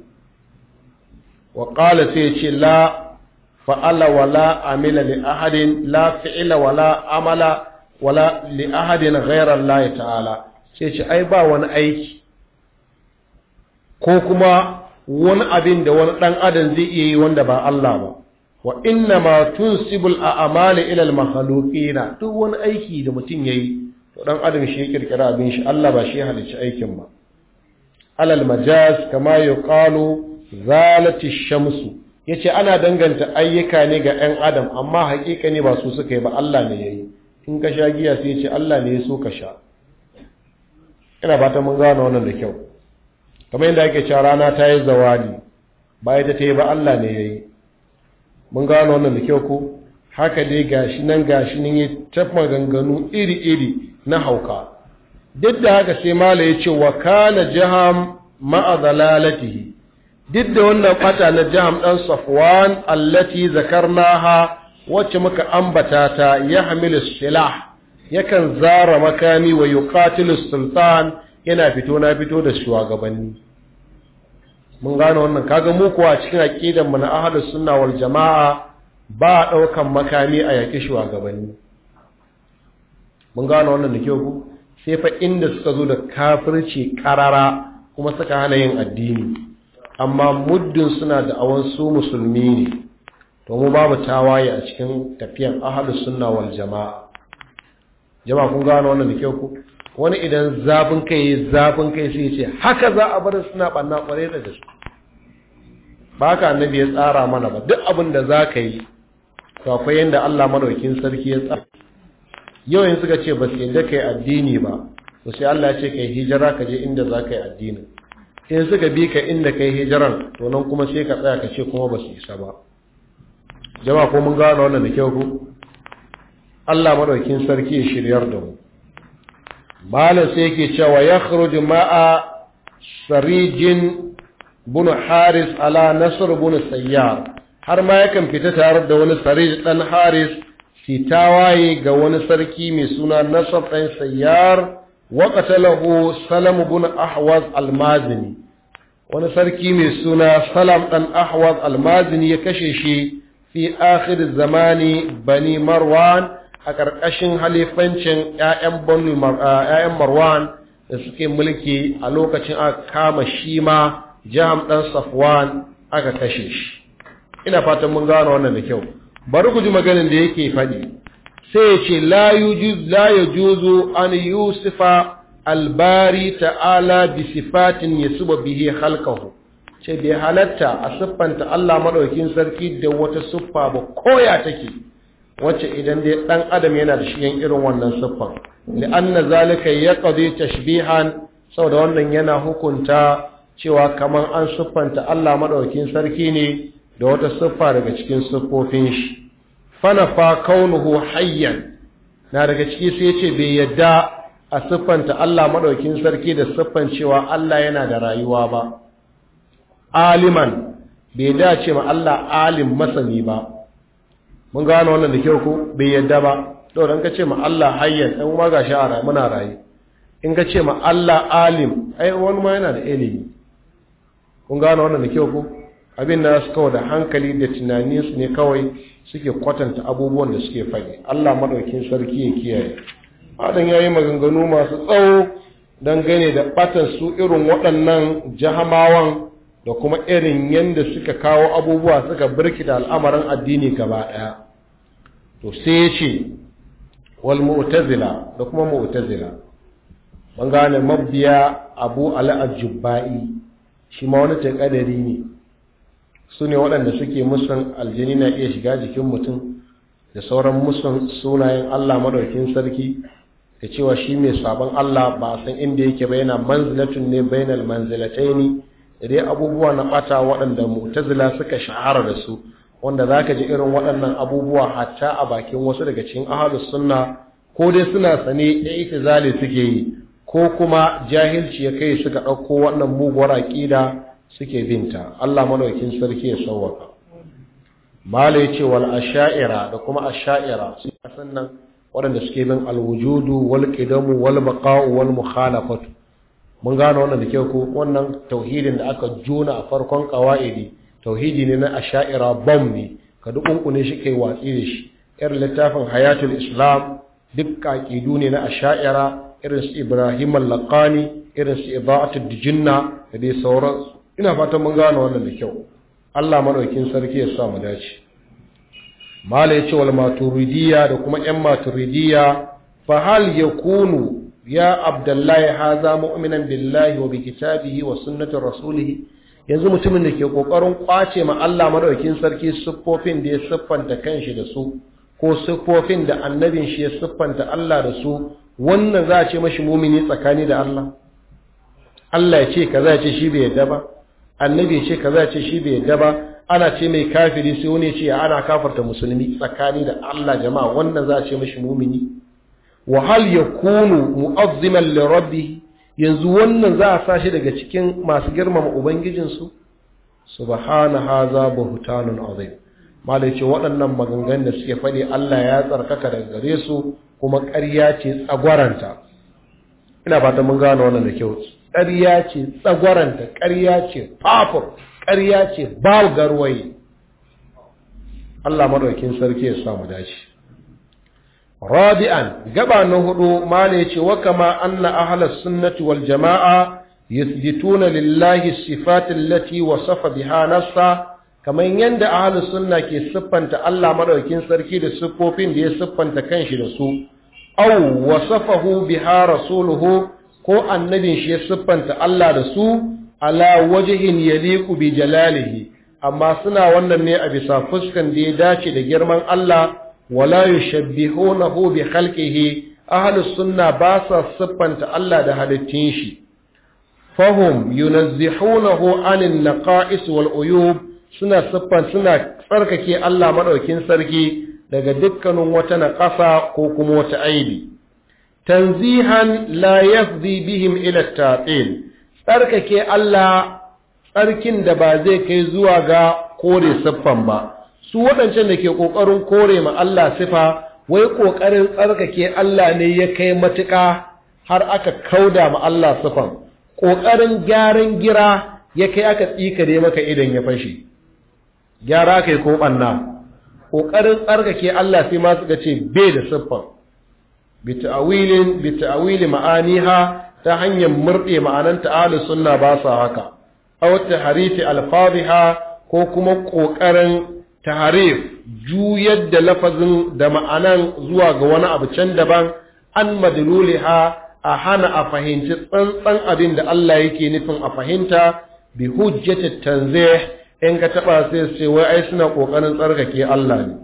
wa ƙala sai ce la fa'ala wala amila li ahadin la fi'ila wala amala wala li ahadin ghairar Allah ta'ala ce ce ai ba wani aiki ko kuma wani abin da wani ɗan adam zai iya yi wanda ba Allah ba wa inna ma a a'mali ilal al-makhluqina duk wani aiki da mutum yayi to dan adam shi ya kirkira abin shi Allah ba shi ya halicci aikin ba alal majaz kama yuqalu zalati shamsu yace ana danganta ayyuka ne ga 'yan adam amma haƙiƙa ne ba su suka yi ba Allah ne yayi in ka sha giya sai ce Allah ne ya so ka sha ina ta mun gano wannan da kyau kamar yadda ake cewa rana ta yi zawali ba ita ta yi ba Allah ne ya yi mun gano wannan da kyau ko haka dai gashi nan gashi nan ya tafi maganganu iri-iri na hauka duk da haka sai mala ya ce wa kana jaham ma'a zalalatihi duk da wannan fata na jaham dan safwan allati zakarnaha wacce muka ambata ta ya hamilu silah yakan zara makami wa yuqatilu sultan yana fito na fito da shugabanni mun gano wannan kaga mu kuwa cikin aqidan mu na ahlus sunna wal jamaa ba daukan makami a yaki shugabanni mun gano wannan kyau ku sai fa inda suka zo da kafirci karara kuma suka hana yin addini amma muddin suna da awan su musulmi ne to mu babu tawaye a cikin tafiyan ahlus sunna wal jamaa jama'a kun gano wannan da kyau ku wani idan zafin kai zafin kai sai ce haka za a bar suna banna kware da gaske ba ka annabi ya tsara mana ba duk abin da za ka yi to akwai yanda Allah madaukin sarki ya tsara yau in suka ce ba su yadda kai addini ba to sai Allah ya ce kai hijira ka je inda za ka yi addinin in suka bi ka inda kai hijiran to nan kuma sai ka tsaya ka ce kuma ba su isa ba jama'a ko mun gano wannan da kyau ku Allah madaukin sarki ya shiryar da mu malam sai yake cewa ya khruju ma'a sarijin bin haris ala nasr bin sayyar har ma yakan fita tare da wani sarij dan haris sitawaye ga wani sarki mai suna nasr dan sayyar وقتله salam بن أحوز المازني wani sarki mai suna salam ɗan ahwaz almazini ya kashe shi fi akhir zamani bani marwan a ƙarƙashin halifancin ‘ya'yan marwan da suke mulki a lokacin aka kama shi ma jam ɗan safwan aka kashe shi ina fatan mun gano wannan da kyau bari ku ji maganin da yake faɗi sai ya ce la ya juzu an yusufa albari ta'ala bi sifatin ya bihi khalqahu ce bai halatta a siffanta Allah maɗaukin sarki da wata siffa ba koya take wacce idan dai ɗan adam yana da shiyan irin wannan siffan li'anna zalika ya yaqdi tashbihan saboda wannan yana hukunta cewa kamar an siffanta Allah maɗaukin sarki ne da wata siffa daga cikin siffofin shi fanafa kaunuhu hayyan na daga ciki sai ce bai yadda a siffanta Allah maɗaukin sarki da siffan cewa Allah yana da rayuwa ba aliman bai a ce ma Allah alim masani ba mun gano wannan da kyau ko bai yadda ba don ka ce ma Allah hayyan dan ma gashi muna raye in ka ce ma Allah alim ai wani ma yana da ilimi kun gano wannan da kyau ko abin da su kawo da hankali da tunani su ne kawai suke kwatanta abubuwan da suke faɗi Allah madaukin sarki ya kiyaye adan yayi yi maganganu masu tsawo dangane da ɓatan su irin waɗannan jahamawan da kuma irin yadda suka kawo abubuwa suka birkita al'amarin addini gaba ɗaya to sai ya ce wal mu'tazila da kuma mu'tazila ban gane mabiya abu al'ajibba'i shi ma wani taƙadari ne su ne waɗanda suke musan aljini na iya shiga jikin mutum da sauran musan sunayen allah maɗaukin sarki da cewa shi mai sabon allah ba san inda yake ba manzilatun ne manzilatai ne. da dai abubuwa na bata waɗanda mu'tazila suka shahara da su wanda za ka ji irin waɗannan abubuwa hatta a bakin wasu daga cikin ahalus sunna ko dai suna sane ya itizali suke yi ko kuma jahilci ya kai suka ɗauko wannan muguwar aƙida suke binta Allah madaukin sarki ya sauwaka mala yace wal asha'ira da kuma asha'ira suna sannan waɗanda suke bin alwujudu wal qidamu wal baqa'u wal mukhalafatu mun gane wannan da kyau ko wannan tauhidin da aka jona a farkon qawaidi tauhidi ne na asha'ira bam ne ka kunkune shi kai watsi da shi irin littafin hayatul islam duk kidu ne na asha'ira irin su ibrahim al-laqani irin su ibaatu dijinna da dai sauran ina fatan mun gano wannan da kyau Allah madaukin sarki ya sa mu dace mala yace wal maturidiya da kuma yan maturidiya fa hal yakunu ya abdullahi الله هذا billahi wa وبكتابه wa رسوله yanzu mutumin da ke kokarin kwace ma Allah madaukakin sarki siffofin da ya siffanta kanshi da su ko siffofin da annabin shi ya siffanta Allah da su wannan za a ce mashi mumini tsakani da Allah Allah ya ce kaza ya ce shi bai yadda ba annabi ya ce kaza ya ce shi bai yadda ba ana ce mai kafiri sai wani ya ce ana kafarta musulmi tsakani da Allah jama'a wannan za a ce mashi mumini wa hal yakunu mu'azziman li yanzu wannan za a sashi daga cikin masu girmama ubangijin su subhana hadha buhtanun azim malai ce waɗannan maganganun da suke faɗi Allah ya tsarkaka daga gare su kuma ƙarya ce tsagwaranta ina fatan mun gano wannan da kyau ƙarya ce tsagwaranta ƙarya ce fafur ƙarya ce babu Allah maɗaukin sarki ya samu dace rabi'an gaba na hudu mala yace wa kama anna ahlus sunnati wal jama'a yuthbituna lillahi sifat allati wasafa biha nafsa kaman yanda ahlus sunna ke siffanta Allah madaukin sarki da siffofin da ya siffanta kanshi da su aw wasafahu biha rasuluhu ko annabin shi ya siffanta Allah da su ala wajhin yaliqu bi jalalihi amma suna wannan ne a bisa fuskan da ya dace da girman Allah wala yushabbihunahu bi khalqihi ahlus sunna ba sa siffanta Allah da halittin shi fahum yunazzihunahu anin naqa'is wal uyub suna siffan suna tsarkake Allah maɗaukin sarki daga dukkanin wata naƙasa ko kuma wata aibi tanzihan la yafdi bihim ila ta'til tsarkake Allah tsarkin da ba zai kai zuwa ga kore siffan ba su waɗancan da ke ƙoƙarin kore ma Allah sifa wai ƙoƙarin tsarkake Allah ne ya kai matuƙa har aka kauda ma Allah sifan ƙoƙarin gyaran gira ya kai aka tsikare maka idan ya fashe gyara kai ko ɓanna ƙoƙarin tsarkake Allah sai ma suka ce bai da siffan bi ta'awilin bi ma'aniha ta hanyar murɗe ma'anan ta'alu sunna ba sa haka aw tahrifi alfadhiha ko kuma ƙoƙarin taharif juyar da lafazin da ma'anan zuwa ga wani abu can daban an madluliha a hana a fahimci tsantsan abin da Allah yake nufin a fahimta bi hujjati in ka taba sai sai wai ai suna kokarin tsarkake Allah ne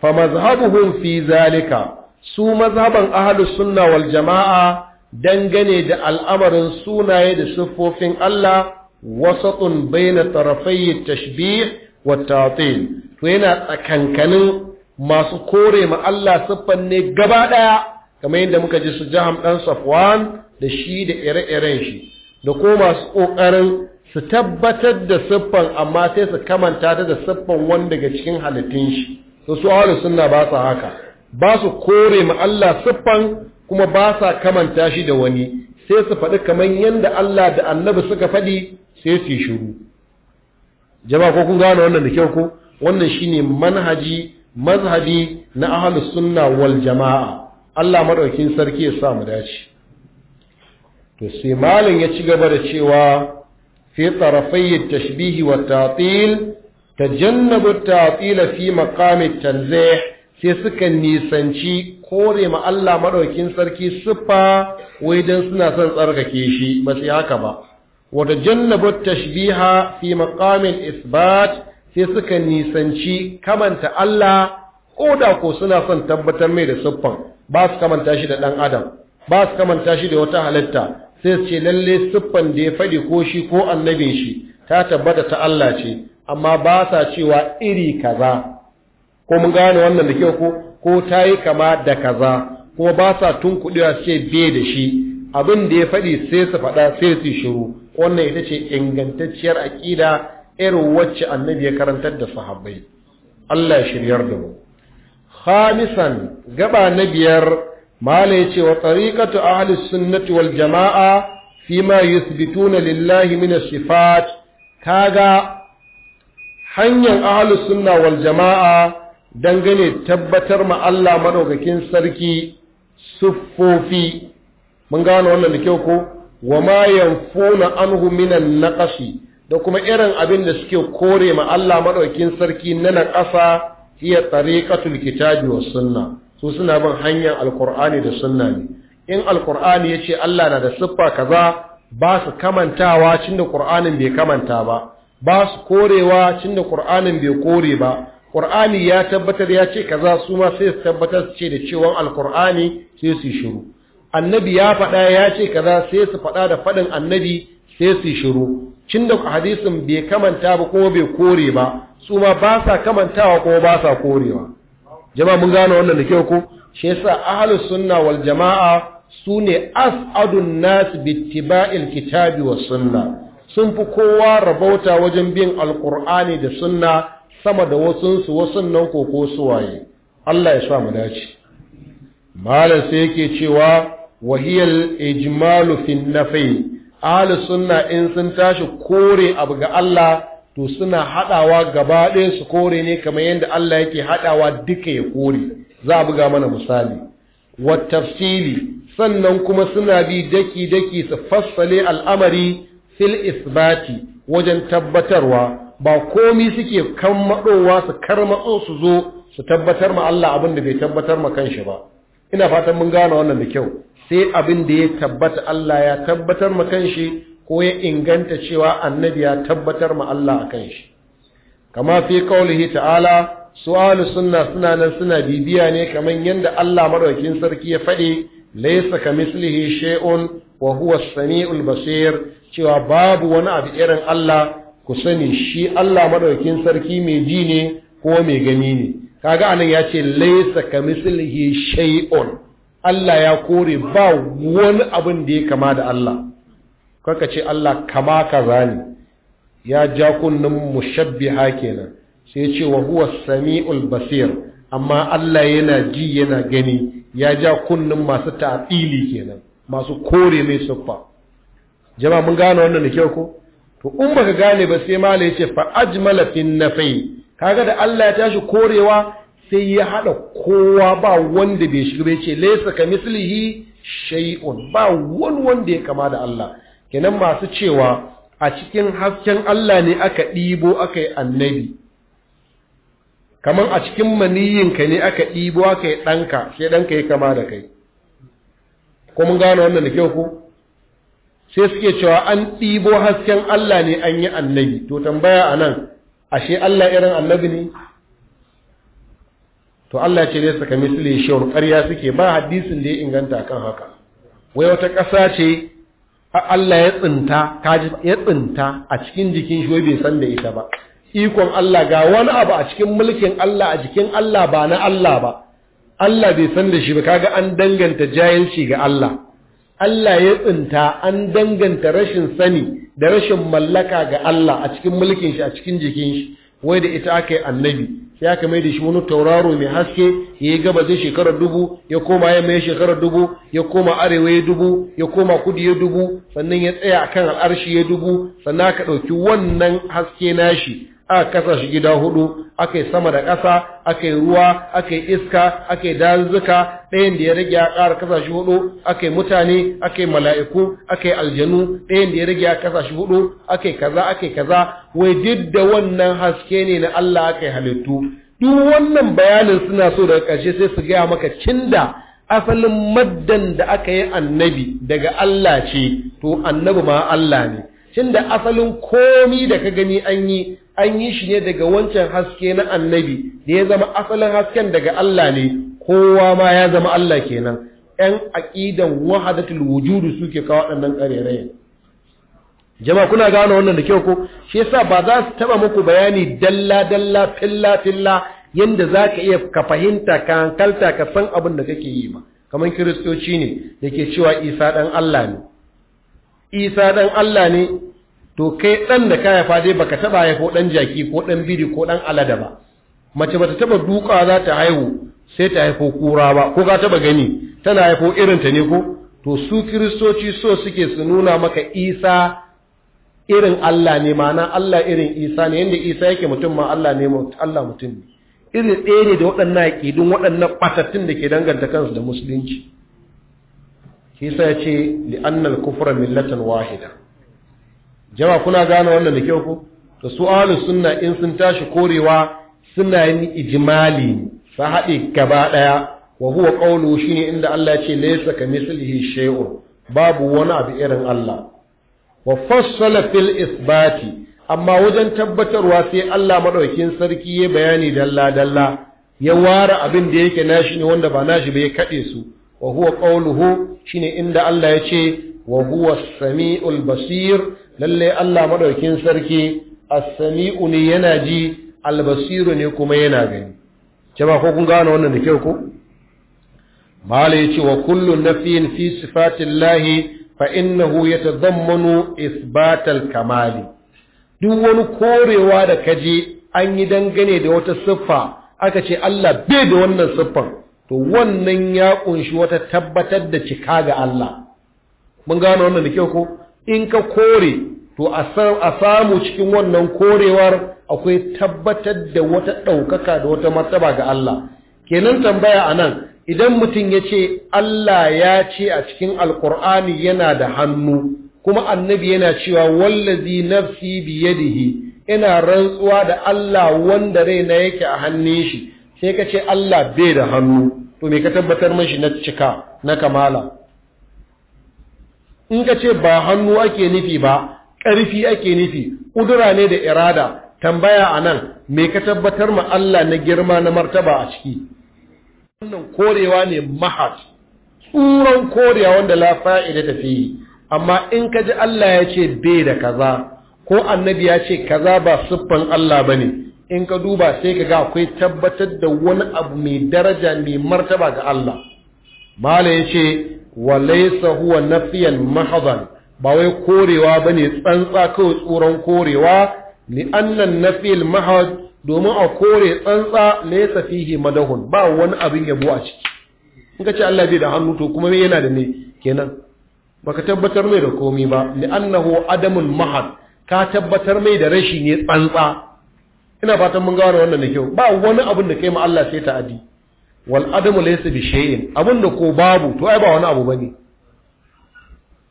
fa mazhabuhum fi zalika su mazhaban ahlus sunna wal jamaa dangane da al'amarin sunaye da siffofin Allah wasatun na tarafai tashbih wattatil to yana tsakankanin masu kore ma Allah siffan ne gaba daya kamar yadda muka ji su jaham dan safwan da shi da ire-iren shi da ko masu kokarin su tabbatar da siffan amma sai su kamanta ta da siffan wanda daga cikin halittun shi to su ahlus sunna ba su haka ba su kore ma Allah siffan kuma ba sa kamanta shi da wani sai su faɗi kamar yadda Allah da Annabi suka faɗi sai su yi shiru jama'a ko kun gano wannan da kyau ko wannan shine manhaji mazhabi na ahlus sunna wal jama'a Allah madaukin sarki ya sa mu dace to sai malin ya ci gaba da cewa fi tarafai tashbihi wa ta'til tajannabu at-ta'til fi maqam at-tanzih sai suka nisanci kore ma Allah madaukin sarki siffa wai dan suna son tsarkake shi ba sai haka ba وتجنبوا التشبيه fi مقام isbat, sai suka nisanci kamanta Allah ko da ko suna son tabbatar mai da siffan ba su kamanta shi da ɗan adam ba su kamanta shi da wata halitta sai su ce lalle siffan da ya faɗi ko shi ko annabin shi ta tabbata ta Allah ce amma ba sa cewa iri kaza ko mun gane wannan da kyau ko ko ta yi kama da kaza ko ba sa tunkuɗewa su ce bai da shi abin da ya faɗi sai su faɗa sai su shiru wannan ita ce ingantacciyar aƙida irin wacce annabi ya karantar da sahabbai Allah ya shiryar da mu khamisan gaba na biyar mala ya ce wa tariqatu ahli sunnati wal jama'a ma yuthbituna lillahi min sifat kaga hanyar ahli sunna wal jama'a dangane tabbatar ma Allah madaukakin sarki siffofi mun gano wannan da kyau ko wa ma yanfuna anhu minan naqasi da kuma irin abin da suke kore ma Allah madaukin sarki na naqasa hiya tariqatul kitabi was sunna su suna bin hanyar alqur'ani da sunna ne in alqur'ani yace Allah na da siffa kaza ba su kamantawa cinda qur'anin bai kamanta ba ba su korewa cinda qur'anin bai kore ba qur'ani ya tabbatar ya ce kaza su ma sai su tabbatar su ce da cewa alqur'ani sai su shiru annabi ya faɗa ya ce kaza sai su faɗa da faɗin annabi sai su shiru cin da hadisin bai kamanta ba kuma bai kore ba su ma ba sa kamantawa kuma ba sa korewa jama'a mun gano wannan da kyau ko shi yasa ahlus sunna wal jama'a sune as'adun nas tiba'il kitabi was sunna sun fi kowa rabauta wajen bin alqur'ani da sunna sama da wasun su wasun nan ko ko suwaye Allah ya sa mu dace malam sai yake cewa Wahiyar hiya al-ijmalu fi an ahli sunna in sun tashi kore abu ga Allah to suna haɗawa gaba ɗaya su kore ne kamar yadda Allah yake haɗawa duka ya kore za a buga mana misali wa sannan kuma suna bi daki daki su fassale al'amari fil isbati wajen tabbatarwa ba komi suke kammadowa su karmatso su zo su tabbatar ma Allah abin da bai tabbatar ma kanshi ba ina fatan mun gane wannan da kyau sai abin da ya tabbata Allah ya tabbatar ma kanshi ko ya inganta cewa annabi ya tabbatar ma Allah a kanshi kama fi kawulihi ta'ala su'alu sunna suna nan suna bibiya ne kaman yadda Allah maraukin sarki ya faɗi laisa kamislihi she'un wa huwa samiul basir cewa babu wani abu irin Allah ku sani shi Allah maraukin sarki mai ji ne ko mai gani ne kaga anan ya ce ka kamislihi she'un. Allah ya kore ba wani abin da ya kama da Allah kaka ce Allah kama kaza ne ya ja kunnin mushabbiha kenan sai ce wa huwa sami'ul basir amma Allah yana ji yana gani ya ja kunnen masu ta'ili kenan masu kore mai siffa Jama mun gane wannan da kyau ko to in baka gane ba sai mala ya ce fa na fai. nafai kaga da Allah ya tashi korewa sai ya haɗa kowa ba wanda bai shiga bai ce laisa ka mislihi shay'un ba wani wanda ya kama da Allah kenan masu cewa a cikin hasken Allah ne aka ɗibo aka yi annabi kamar a cikin maniyinka ne aka ɗibo aka yi ɗanka sai ɗanka ya kama da kai ko mun gano wannan da kyau ko sai suke cewa an ɗibo hasken Allah ne an yi annabi to tambaya a nan ashe Allah irin annabi ne to Allah ce dai saka misali shawar ƙarya suke ba hadisin da ya inganta kan haka wai wata ƙasa ce Allah ya tsinta ya tsinta a cikin jikin shi wai bai san da ita ba ikon Allah ga wani abu a cikin mulkin Allah a jikin Allah ba na Allah ba Allah bai san da shi ba kaga an danganta jayanci ga Allah Allah ya tsinta an danganta rashin sani da rashin mallaka ga Allah a cikin mulkin shi a cikin jikin shi wai da ita aka yi annabi sai aka mai da shi wani tauraro mai haske ya yi zai shekarar dubu ya koma ya mai shekarar dubu ya koma arewa ya dubu ya koma kudu ya dubu sannan ya tsaya akan al'arshi ya dubu sannan aka ɗauki wannan haske nashi aka kasa shi gida hudu aka yi sama da ƙasa aka yi ruwa aka yi iska aka yi dazuzzuka ɗayan da ya rage a ƙara kasa shi hudu aka yi mutane aka yi mala'iku aka yi aljanu ɗayan da ya rage a kasa shi hudu aka yi kaza aka yi kaza wai duk da wannan haske ne na Allah aka yi halittu duk wannan bayanin suna so daga ƙarshe sai su gaya maka cinda asalin maddan da aka yi annabi daga Allah ce to annabi ma Allah ne Cin da asalin komi da ka gani an yi an yi shi ne daga wancan haske na annabi da ya zama asalin hasken daga Allah ne kowa ma ya zama Allah kenan ɗan aƙidan wahadatul wujudu suke kawo waɗannan ƙarerayen jama'a kuna gano wannan da kyau ko shi yasa ba za su taba muku bayani dalla dalla filla filla yanda za ka iya ka fahimta ka hankalta ka san abin da kake yi ma kamar kiristoci ne da ke cewa isa ɗan Allah ne isa ɗan Allah ne to kai ɗan da ka haifa dai baka taba haifo ɗan jaki ko dan biri ko dan alada ba mace bata taba duka za ta haihu sai ta haifo kura ba ko ka taɓa gani tana haifo ta ne ko to su kiristoci so suke su nuna maka isa irin Allah ne ma'ana Allah irin isa ne yadda isa yake mutum ma Allah ne Allah mutum ne irin ɗaya ne da waɗannan aƙidun waɗannan ɓatattun da ke danganta kansu da musulunci kisa ya ce li'annal kufra millatan wahida jama kuna gane wannan da kyau ko to su ahlus sunna in sun tashi korewa suna yin ijmali sa haɗe gaba daya wa huwa qawlu shine inda Allah ya ce laysa kamithlihi shay'un babu wani abu irin Allah wa fassala fil isbati amma wajen tabbatarwa sai Allah madaukin sarki ya bayani dalla dalla ya ware abin da yake nashi ne wanda ba nashi ba ya kade su wa huwa qawluhu shine inda Allah ya ce wa huwa samiul basir lalle Allah madaukin sarki as-sami'u ne yana ji al-basiru ne kuma yana gani jama'a ko kun gane wannan da kyau ko mala yace wa kullu nafiyin fi sifatillahi fa innahu yatadammanu isbatal kamali duk wani korewa da kaje an yi dangane da wata siffa aka ce Allah bai da wannan siffan, to wannan ya kunshi wata tabbatar da cika ga Allah mun gane wannan da kyau ko in ka kore to a samu cikin wannan korewar akwai tabbatar da wata ɗaukaka da wata martaba ga Allah kenan tambaya a nan idan mutum ya ce Allah ya ce a cikin alkur'ani yana da hannu kuma annabi yana cewa wallazi nafsi biyadihi ina rantsuwa da Allah wanda raina yake a hannun shi sai ka ce Allah bai da hannu to me ka tabbatar mashi na cika na kamala in ka ce ba hannu ake nufi ba ƙarfi ake nufi ƙudura ne da irada tambaya a nan me ka tabbatar ma Allah na girma na martaba a ciki wannan korewa ne mahat tsuron korewa wanda la fa'ida tafi amma in ka ji Allah ya ce bai da kaza ko annabi ya ce kaza ba siffan Allah ba ne? in ka duba sai ka ga akwai tabbatar da wani abu mai daraja mai martaba ga Allah mala ya ce wa huwa nafiyan mahdhan ba wai korewa bane tsantsa kawai tsoron korewa li anna nafil mahd domin a kore tsantsa laysa fihi madahun ba wani abin yabo a ciki in ka ce Allah bai da hannu to kuma me yana da ne kenan baka tabbatar mai da komai ba li annahu adamun mahd ka tabbatar mai da rashi ne tsantsa ina fatan mun gane wannan da kyau ba wani abin da kai ma Allah sai ta ta'adi wal adamu laysa bi shay'in abin da ko babu to ai ba wani abu bane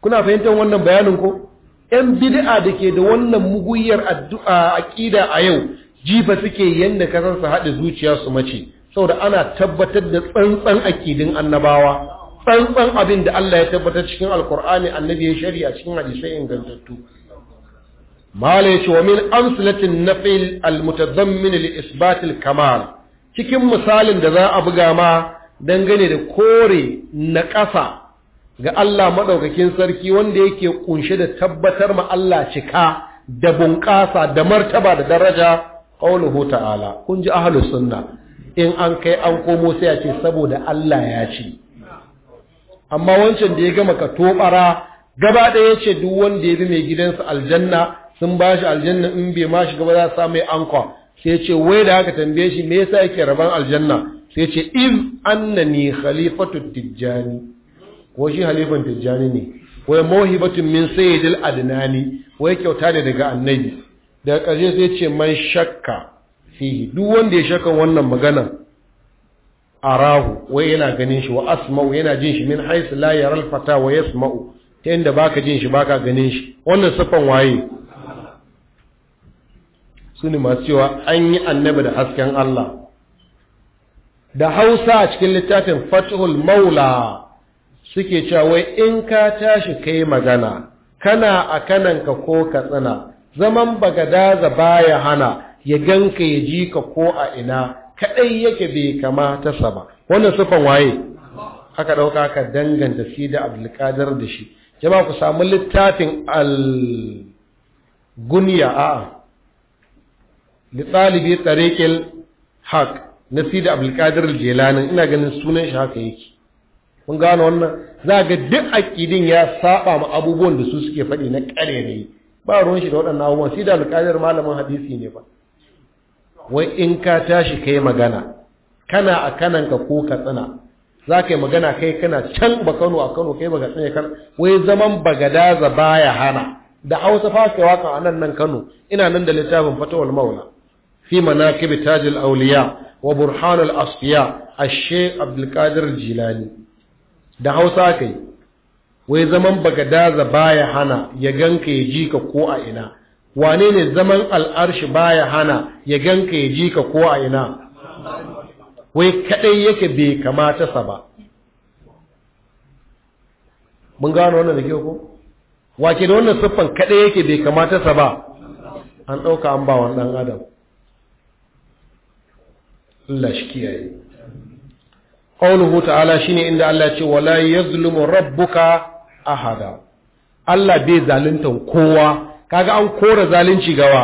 kuna fahimtar wannan bayanin ko yan bid'a da ke da wannan muguyar addu'a aqida a yau jifa suke yanda ka san su haɗe zuciya su mace saboda ana tabbatar da tsantsan aqidin annabawa tsantsan abin da Allah ya tabbatar cikin alkur'ani annabi ya shari'a cikin hadisai ingantattu mala yace wa min amsalatin nafil almutadammin li isbatil kamal cikin misalin da za a buga ma dangane da kore na ƙasa ga Allah maɗaukakin sarki wanda yake ƙunshe da tabbatar ma Allah cika da bunƙasa da martaba da daraja ƙaunuhu ta'ala kun ji ahalus sunna in an kai an komo sai a ce saboda Allah ya ce amma wancan da ya gama ka tobara gaba ɗaya ce duk wanda ya bi mai gidansa aljanna sun ba shi aljanna in bai ma shi gaba za su mai anko sai ce wai da haka tambaye shi me yasa yake rabon aljanna sai ce iz annani khalifatu tijjani ko shi halifan tijjani ne wai mawhibatun min sayyidil adnani wai kyauta ne daga annabi daga ƙarshe sai ce man shakka fihi duk wanda ya shakka wannan magana arahu wai yana ganin shi wa asma'u yana jin shi min haythu la yaral fata wa yasma'u ta inda baka jin shi baka ganin shi wannan siffan waye su ne masu cewa an yi annabi da hasken Allah da hausa a cikin littafin fathul maula suke cewa wai in ka tashi kai magana kana a kananka ko ka tsina zaman bagadaza baya hana ya ganka ya ji ka ko a ina kaɗai yake bai kamata sa ba wannan sufan waye aka ɗauka ka danganta shi da abdulkadar da shi jama ku samu littafin al gunya a'a li talibi tariqil haq na sida abdulkadir jelanin ina ganin sunan shi haka yake kun gano wannan za ga duk aƙidin ya saba ma abubuwan da su suke faɗi na ƙarere ba ruwan shi da waɗannan abubuwan sida alƙadir malamin hadisi ne ba wai in ka tashi kai magana kana a ka ko ka tsana za ka yi magana kai kana can ba kano a kano kai baka tsaye kan wai zaman bagadaza baya hana da hausa waka a anan nan kano ina nan da littafin fatawar maula في مناكب تاج الأولياء wa الأصفياء الشيخ عبد القادر الجيلاني abdul هو jilani da hausa kai wai zaman bagadaza يجيك hana ya ganka ya ji ka ko a ina wane ne zaman al'arshi baya hana ya ganka ya ji ka ko a ina wai mun gano wannan da ko wace da wannan siffan kadai yake bai kamata sa ba an ɗauka an ba ɗan adam Allah shi kiyaye qawluhu ta'ala shine inda Allah ce wala yazlumu rabbuka ahada Allah bai zaluntan kowa kaga an kora zalunci gawa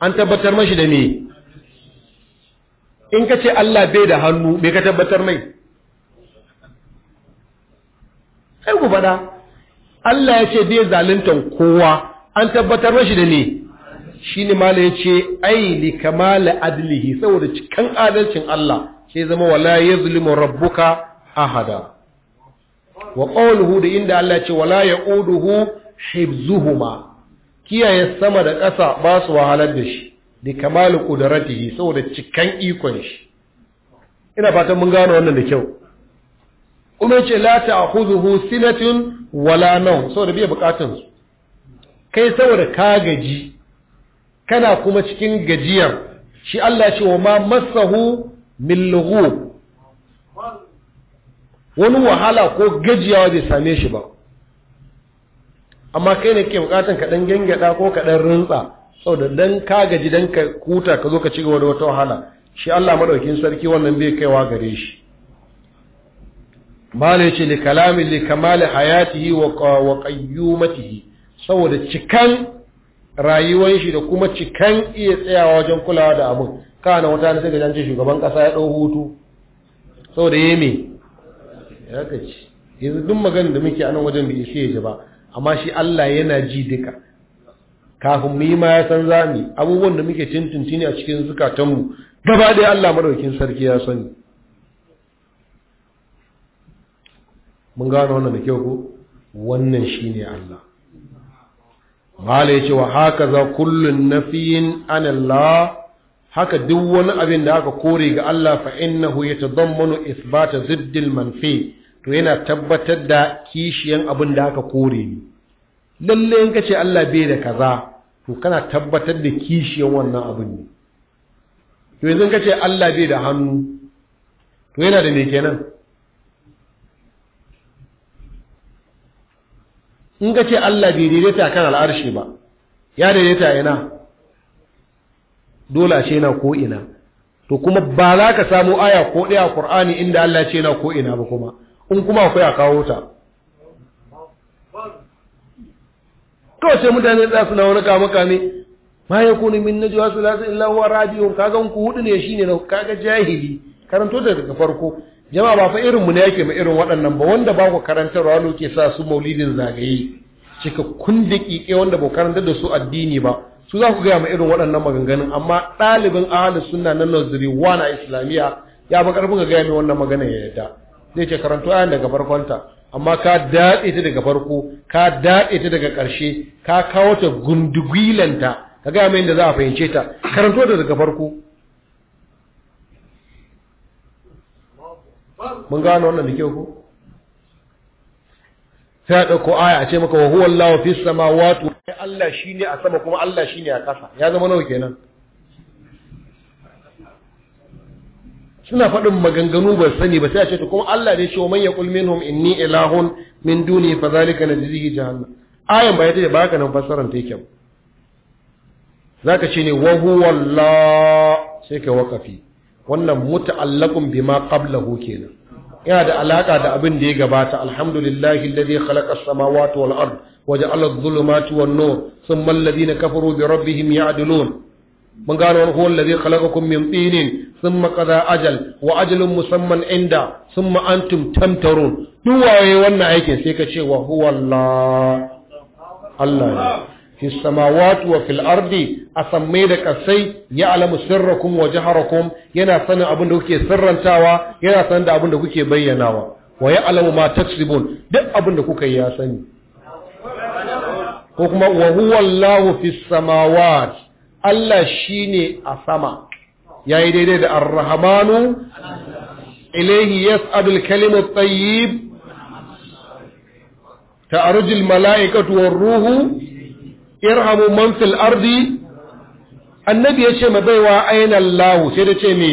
an tabbatar mashi da me in ka ce Allah bai da hannu bai ka tabbatar mai sai ku Allah ya ce bai zaluntan kowa an tabbatar mashi da ne ma ya ce ai li kamala adlihi saboda cikin adalcin Allah sai zama wala ya yazlimu rabbuka ahada wa qawluhu da inda Allah ce wala ya yaquduhu hibzuhuma kiyaye sama da ƙasa ba su wahalar da shi da kamalu ƙudaratihi saboda cikan ikon shi ina fatan mun gano wannan da kyau kuma ce la ta'khudhuhu sinatun wala nawm saboda bai bukatun su kai saboda ka gaji kana kuma cikin gajiyar shi Allah ce wa ma masahu min wani wahala ko gajiyawa bai same shi ba amma kai ne ke bukatan ka dan gangada ko ka dan rintsa saboda dan ka gaji dan ka kuta ka zo ka ci gaba da wata wahala shi Allah maɗaukin sarki wannan bai kaiwa gare shi malai ce li kalami li kamali hayatihi wa wa saboda cikan rayuwan shi da kuma cikan iya tsayawa wajen kulawa da abun kana wata ne sai da ce shugaban kasa ya ɗau hutu saboda ya me ya kace yanzu duk magana da muke nan wajen bai ishe ji ba amma shi Allah yana ji duka kafin mu yi ma ya san zami abubuwan da muke tintinti ne a cikin zukatanmu gaba ɗaya Allah madaukin sarki ya sani mun gano wannan da kyau ko wannan shine Allah mala ce wa haka za kullun nafiyin an Allah haka duk wani abin da aka kore ga Allah fa innahu yatadammanu isbata ziddil manfe? to yana tabbatar da kishiyan abin da aka kore ni lalle in kace Allah bai da kaza to kana tabbatar da kishiyan wannan abin ne to yanzu kace Allah bai da hannu to yana da me kenan in ka ce Allah bai daidaita kan al'arshi ba ya daidaita ina dole ce na ko to kuma ba za ka samu aya ko ɗaya a in inda Allah ce na koina ina ba kuma in kuma akwai a kawo ta To, sai mutane su suna wani kamuka kame ma ya kuni min najwa salasa illa huwa rabiun kaga ku hudu ne shi ne na kaga jahili karanto daga farko jama'a ba fa irin mu ne yake ma irin waɗannan ba wanda ba ku karantarwa ne ke sa su maulidin zagaye cika kun da ƙiƙe wanda ba karanta da su addini ba su za ku gaya ma irin waɗannan maganganun amma ɗalibin ahalus sunna na nazari wana islamiyya ya ba karfin ka gaya mai wannan magana ya yarda zai ce karanto ayan daga farkonta amma ka datse ta daga farko ka datse ta daga karshe ka kawo ta gundugilanta ka gaya mai inda za a fahimce ta karanto ta daga farko mun gano wannan da kyau ko sai a ɗauko aya a ce maka wa huwa sama watu. samawati Allah shine a sama kuma Allah shine a ƙasa ya zama nawa kenan suna faɗin maganganu ba sani ba sai a ce to kuma Allah ne ce wa man yaqul minhum inni ilahun min duni fa zalika najzihi jahannam ayan ba yace ba haka nan fassaran ta yake Za zaka ce ne wa huwa Allah sai ka wakafi wannan muta'allaqun bima qablahu kenan yana da alaka da abin da ya gabata alhamdulillahi alladhi khalaqa as-samawati wal ard wa ja'ala adh-dhulumati wan nur thumma alladhina kafaru bi rabbihim ya'dilun mun gano wani huwa alladhi khalaqakum min tinin thumma qada ajal wa ajalun musamman inda thumma antum tamtarun duk waye wannan aikin sai ka ce wa huwa Allah Allah fi samawati wa fil ardi a samme da kasai ya alamu sirrakum wa jaharakum yana sanin abin da kuke sirrantawa yana sanin da abin da kuke bayyanawa wa ya alamu ma taksibun duk abin da kuka yi ya sani ko kuma wa huwa Allahu fi samawati Allah shine a sama yayi daidai da ar-rahmanu ilayhi yas'adu al-kalimu at-tayyib ta'ruju al ruhu irhamu man fil ardi annabi ya ce mabaiwa aina Allah sai da ce me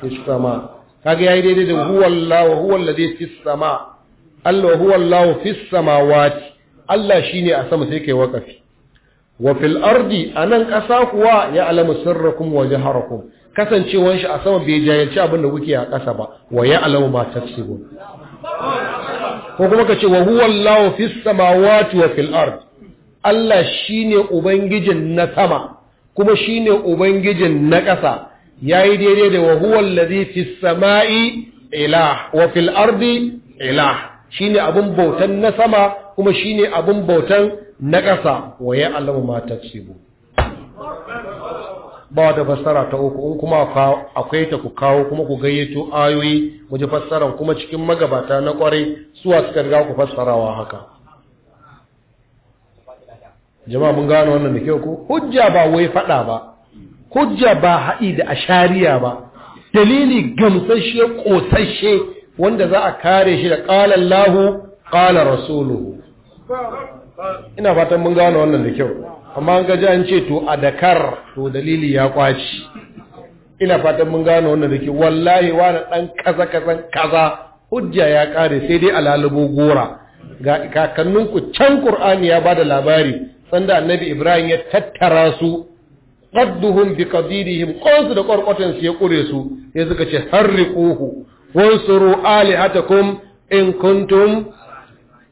fi sama kaga yayi daidai da huwa Allah wa huwa sama Allah huwa Allah fi samawati Allah shine a sama sai kai wakafi wa fil ardi anan kasa kuwa ya alamu sirrakum wa jaharakum kasancewan shi a sama bai jayyaci abin da kuke a kasa ba wa ya alamu ma tafsirun ko kuma kace wa huwa Allah fi samawati wa fil ardi Allah shi ne ubangijin na sama kuma shi ne ubangijin na ƙasa ya yi daidai da wahuwan lazifi sama'i ilah wa fil ardi ilah ne abin bautan na sama kuma shi ne abin bautan na ƙasa wa ya Allah ma ba da fassara ta uku in kuma akwai ta ku kawo kuma ku gayyato ayoyi mu ji fassaran kuma cikin magabata na ƙwarai suwa suka riga ku fassarawa haka jama'a mun gano wannan da kyau ko hujja ba wai faɗa ba hujja ba haɗi da ashariya ba dalili gamsashe ƙosashe wanda za a kare shi da ƙala Allahu ƙala rasuluhu ina fatan mun gano wannan da kyau amma an gaji an ce to a dakar to dalili ya kwaci ina fatan mun gano wannan da kyau wallahi wani ɗan kaza kazan kaza hujja ya kare sai dai a lalubo gora ga kakanninku can ƙur'ani ya ba da labari sanda annabi ibrahim ya tattara su qadduhum bi qadirihim qawsu da qorqotan su ya kure su sai suka ce harriquhu wansuru alihatakum in kuntum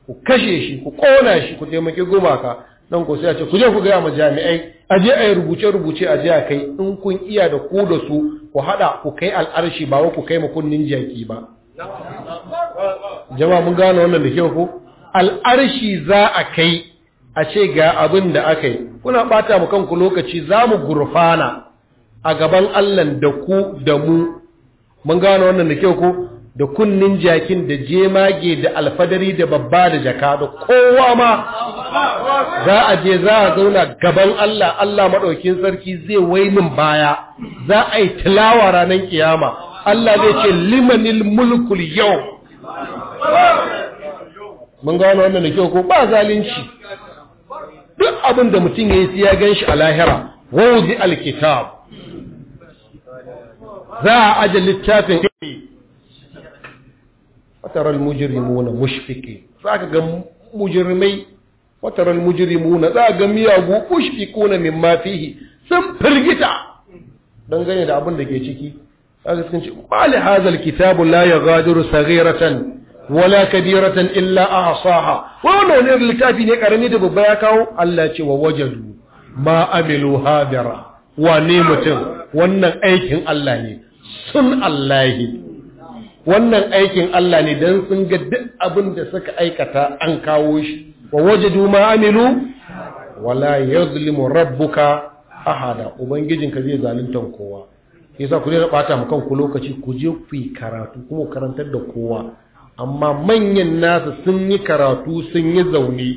ku kashe shi ku kona shi ku taimaki gumaka dan ko sai a ce ku je ku ga ma jami'ai a je a yi rubuce rubuce a je a kai in kun iya da ku da su ku hada ku kai al'arshi ba ku kai mu kunnin jaki ba jama'a mun gane wannan da kyau ko al'arshi za a kai a ce ga abin da aka yi kuna ɓata mu kanku lokaci za mu gurfana a gaban allan da ku da mu mun gano wannan da kyau ko da kunnin jakin da jemage da alfadari da babba da jaka da kowa ma za a je za a zauna gaban Allah Allah maɗaukin sarki zai wainin baya za a yi tilawa ranar kiyama Allah zai ce limanil mulkul yau mun gano wannan da kyau ko ba zalunci duk abin da mutum ya yi ya gan shi a lahira wawzi alkitab za a aje littafin watarar mujirimuna mushfiki za ka ga mujirimai watarar mujirimuna za a ga miyagu mushfikuna min mafihi sun firgita don gane da abin da ke ciki za ka sun ce mali hazal kitabu la ya gadiru sagiratan wala kabiratan illa ahsaha wai wannan wani littafi ne karami da babba ya kawo Allah ce wa wajadu ma amilu hadira wane mutum wannan aikin Allah ne sun Allahi wannan aikin Allah ne dan sun ga duk abin da suka aikata an kawo shi wa wajadu ma amilu wala yuzlimu rabbuka ahada ubangijinka zai zaluntar kowa yasa ku ne na bata mu kanku lokaci ku je ku yi karatu kuma karantar da kowa amma manyan nasu sun yi karatu sun yi zaune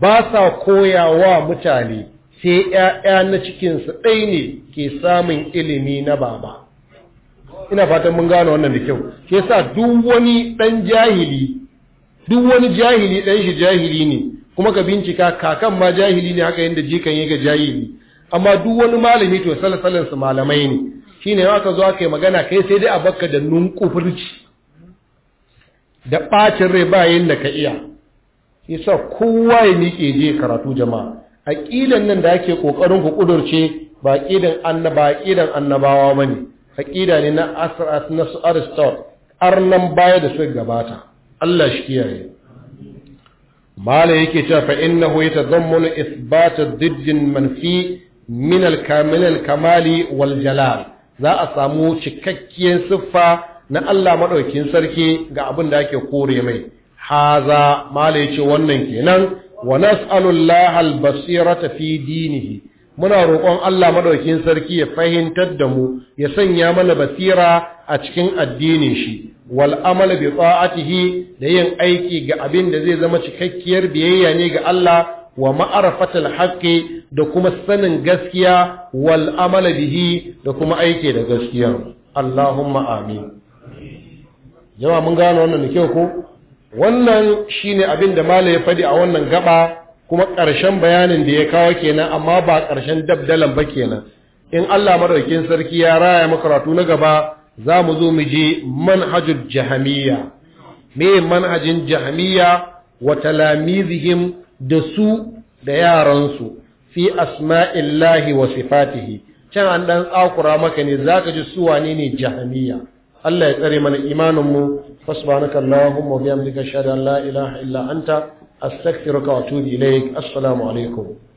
ba sa koyawa mutane sai ‘ya'ya na cikinsu ɗai ne ke samun ilimi na baba ina fatan mun gano wannan da kyau ke sa duk wani ɗan jahili duk jahili ɗan shi jahili ne kuma ka bincika kakan ma jahili ne haka yadda jikan yi ga jahili amma duk wani malami to salsalansu malamai ne shi ne aka zo zuwa yi magana kai sai dai a baka da nunkufurci da ɓacin rai bayan da ka iya sa kowa ya miƙe je karatu jama'a A aƙidan nan da ake ƙoƙarin ku ƙudurce ba ƙidan annaba ƙidan annabawa ba ne A ƙida ne na asirat na su aristot arnan baya da suka gabata allah shi kiyaye mala yake cewa fa innahu yatadammanu isbat ad-diddin manfi min al al-kamali wal jalal za a samu cikakkiyar siffa na Allah maɗaukin sarki ga abin da ake kore mai haza mala ce wannan kenan wa nas'alullaha al-basirata fi dinihi muna roƙon Allah maɗaukin sarki ya fahimtar da mu ya sanya mana basira a cikin addinin shi wal amala bi ta'atihi da yin aiki ga abin da zai zama cikakkiyar biyayya ne ga Allah wa ma'arafatal haqqi da kuma sanin gaskiya wal amala bihi da kuma aiki da gaskiya Allahumma amin yawa mun gano wannan da kyau ko wannan shine abin da mala ya faɗi a wannan gaba kuma ƙarshen bayanin da ya kawo kenan amma ba ƙarshen dabdalan ba kenan in Allah madaukakin sarki ya raya mu karatu na gaba za mu zo mu je manhajul jahamiyya me manhajin jahamiyya wa talamizihim da su da yaransu fi asma'illahi wa sifatihi can an dan tsakura maka ne zaka ji su wane ne jahamiyya Allah ya tsare mana imaninmu fasbanaka Allahumma wa bihamdika ashhadu an la ilaha illa anta astaghfiruka wa atubu ilaik assalamu alaikum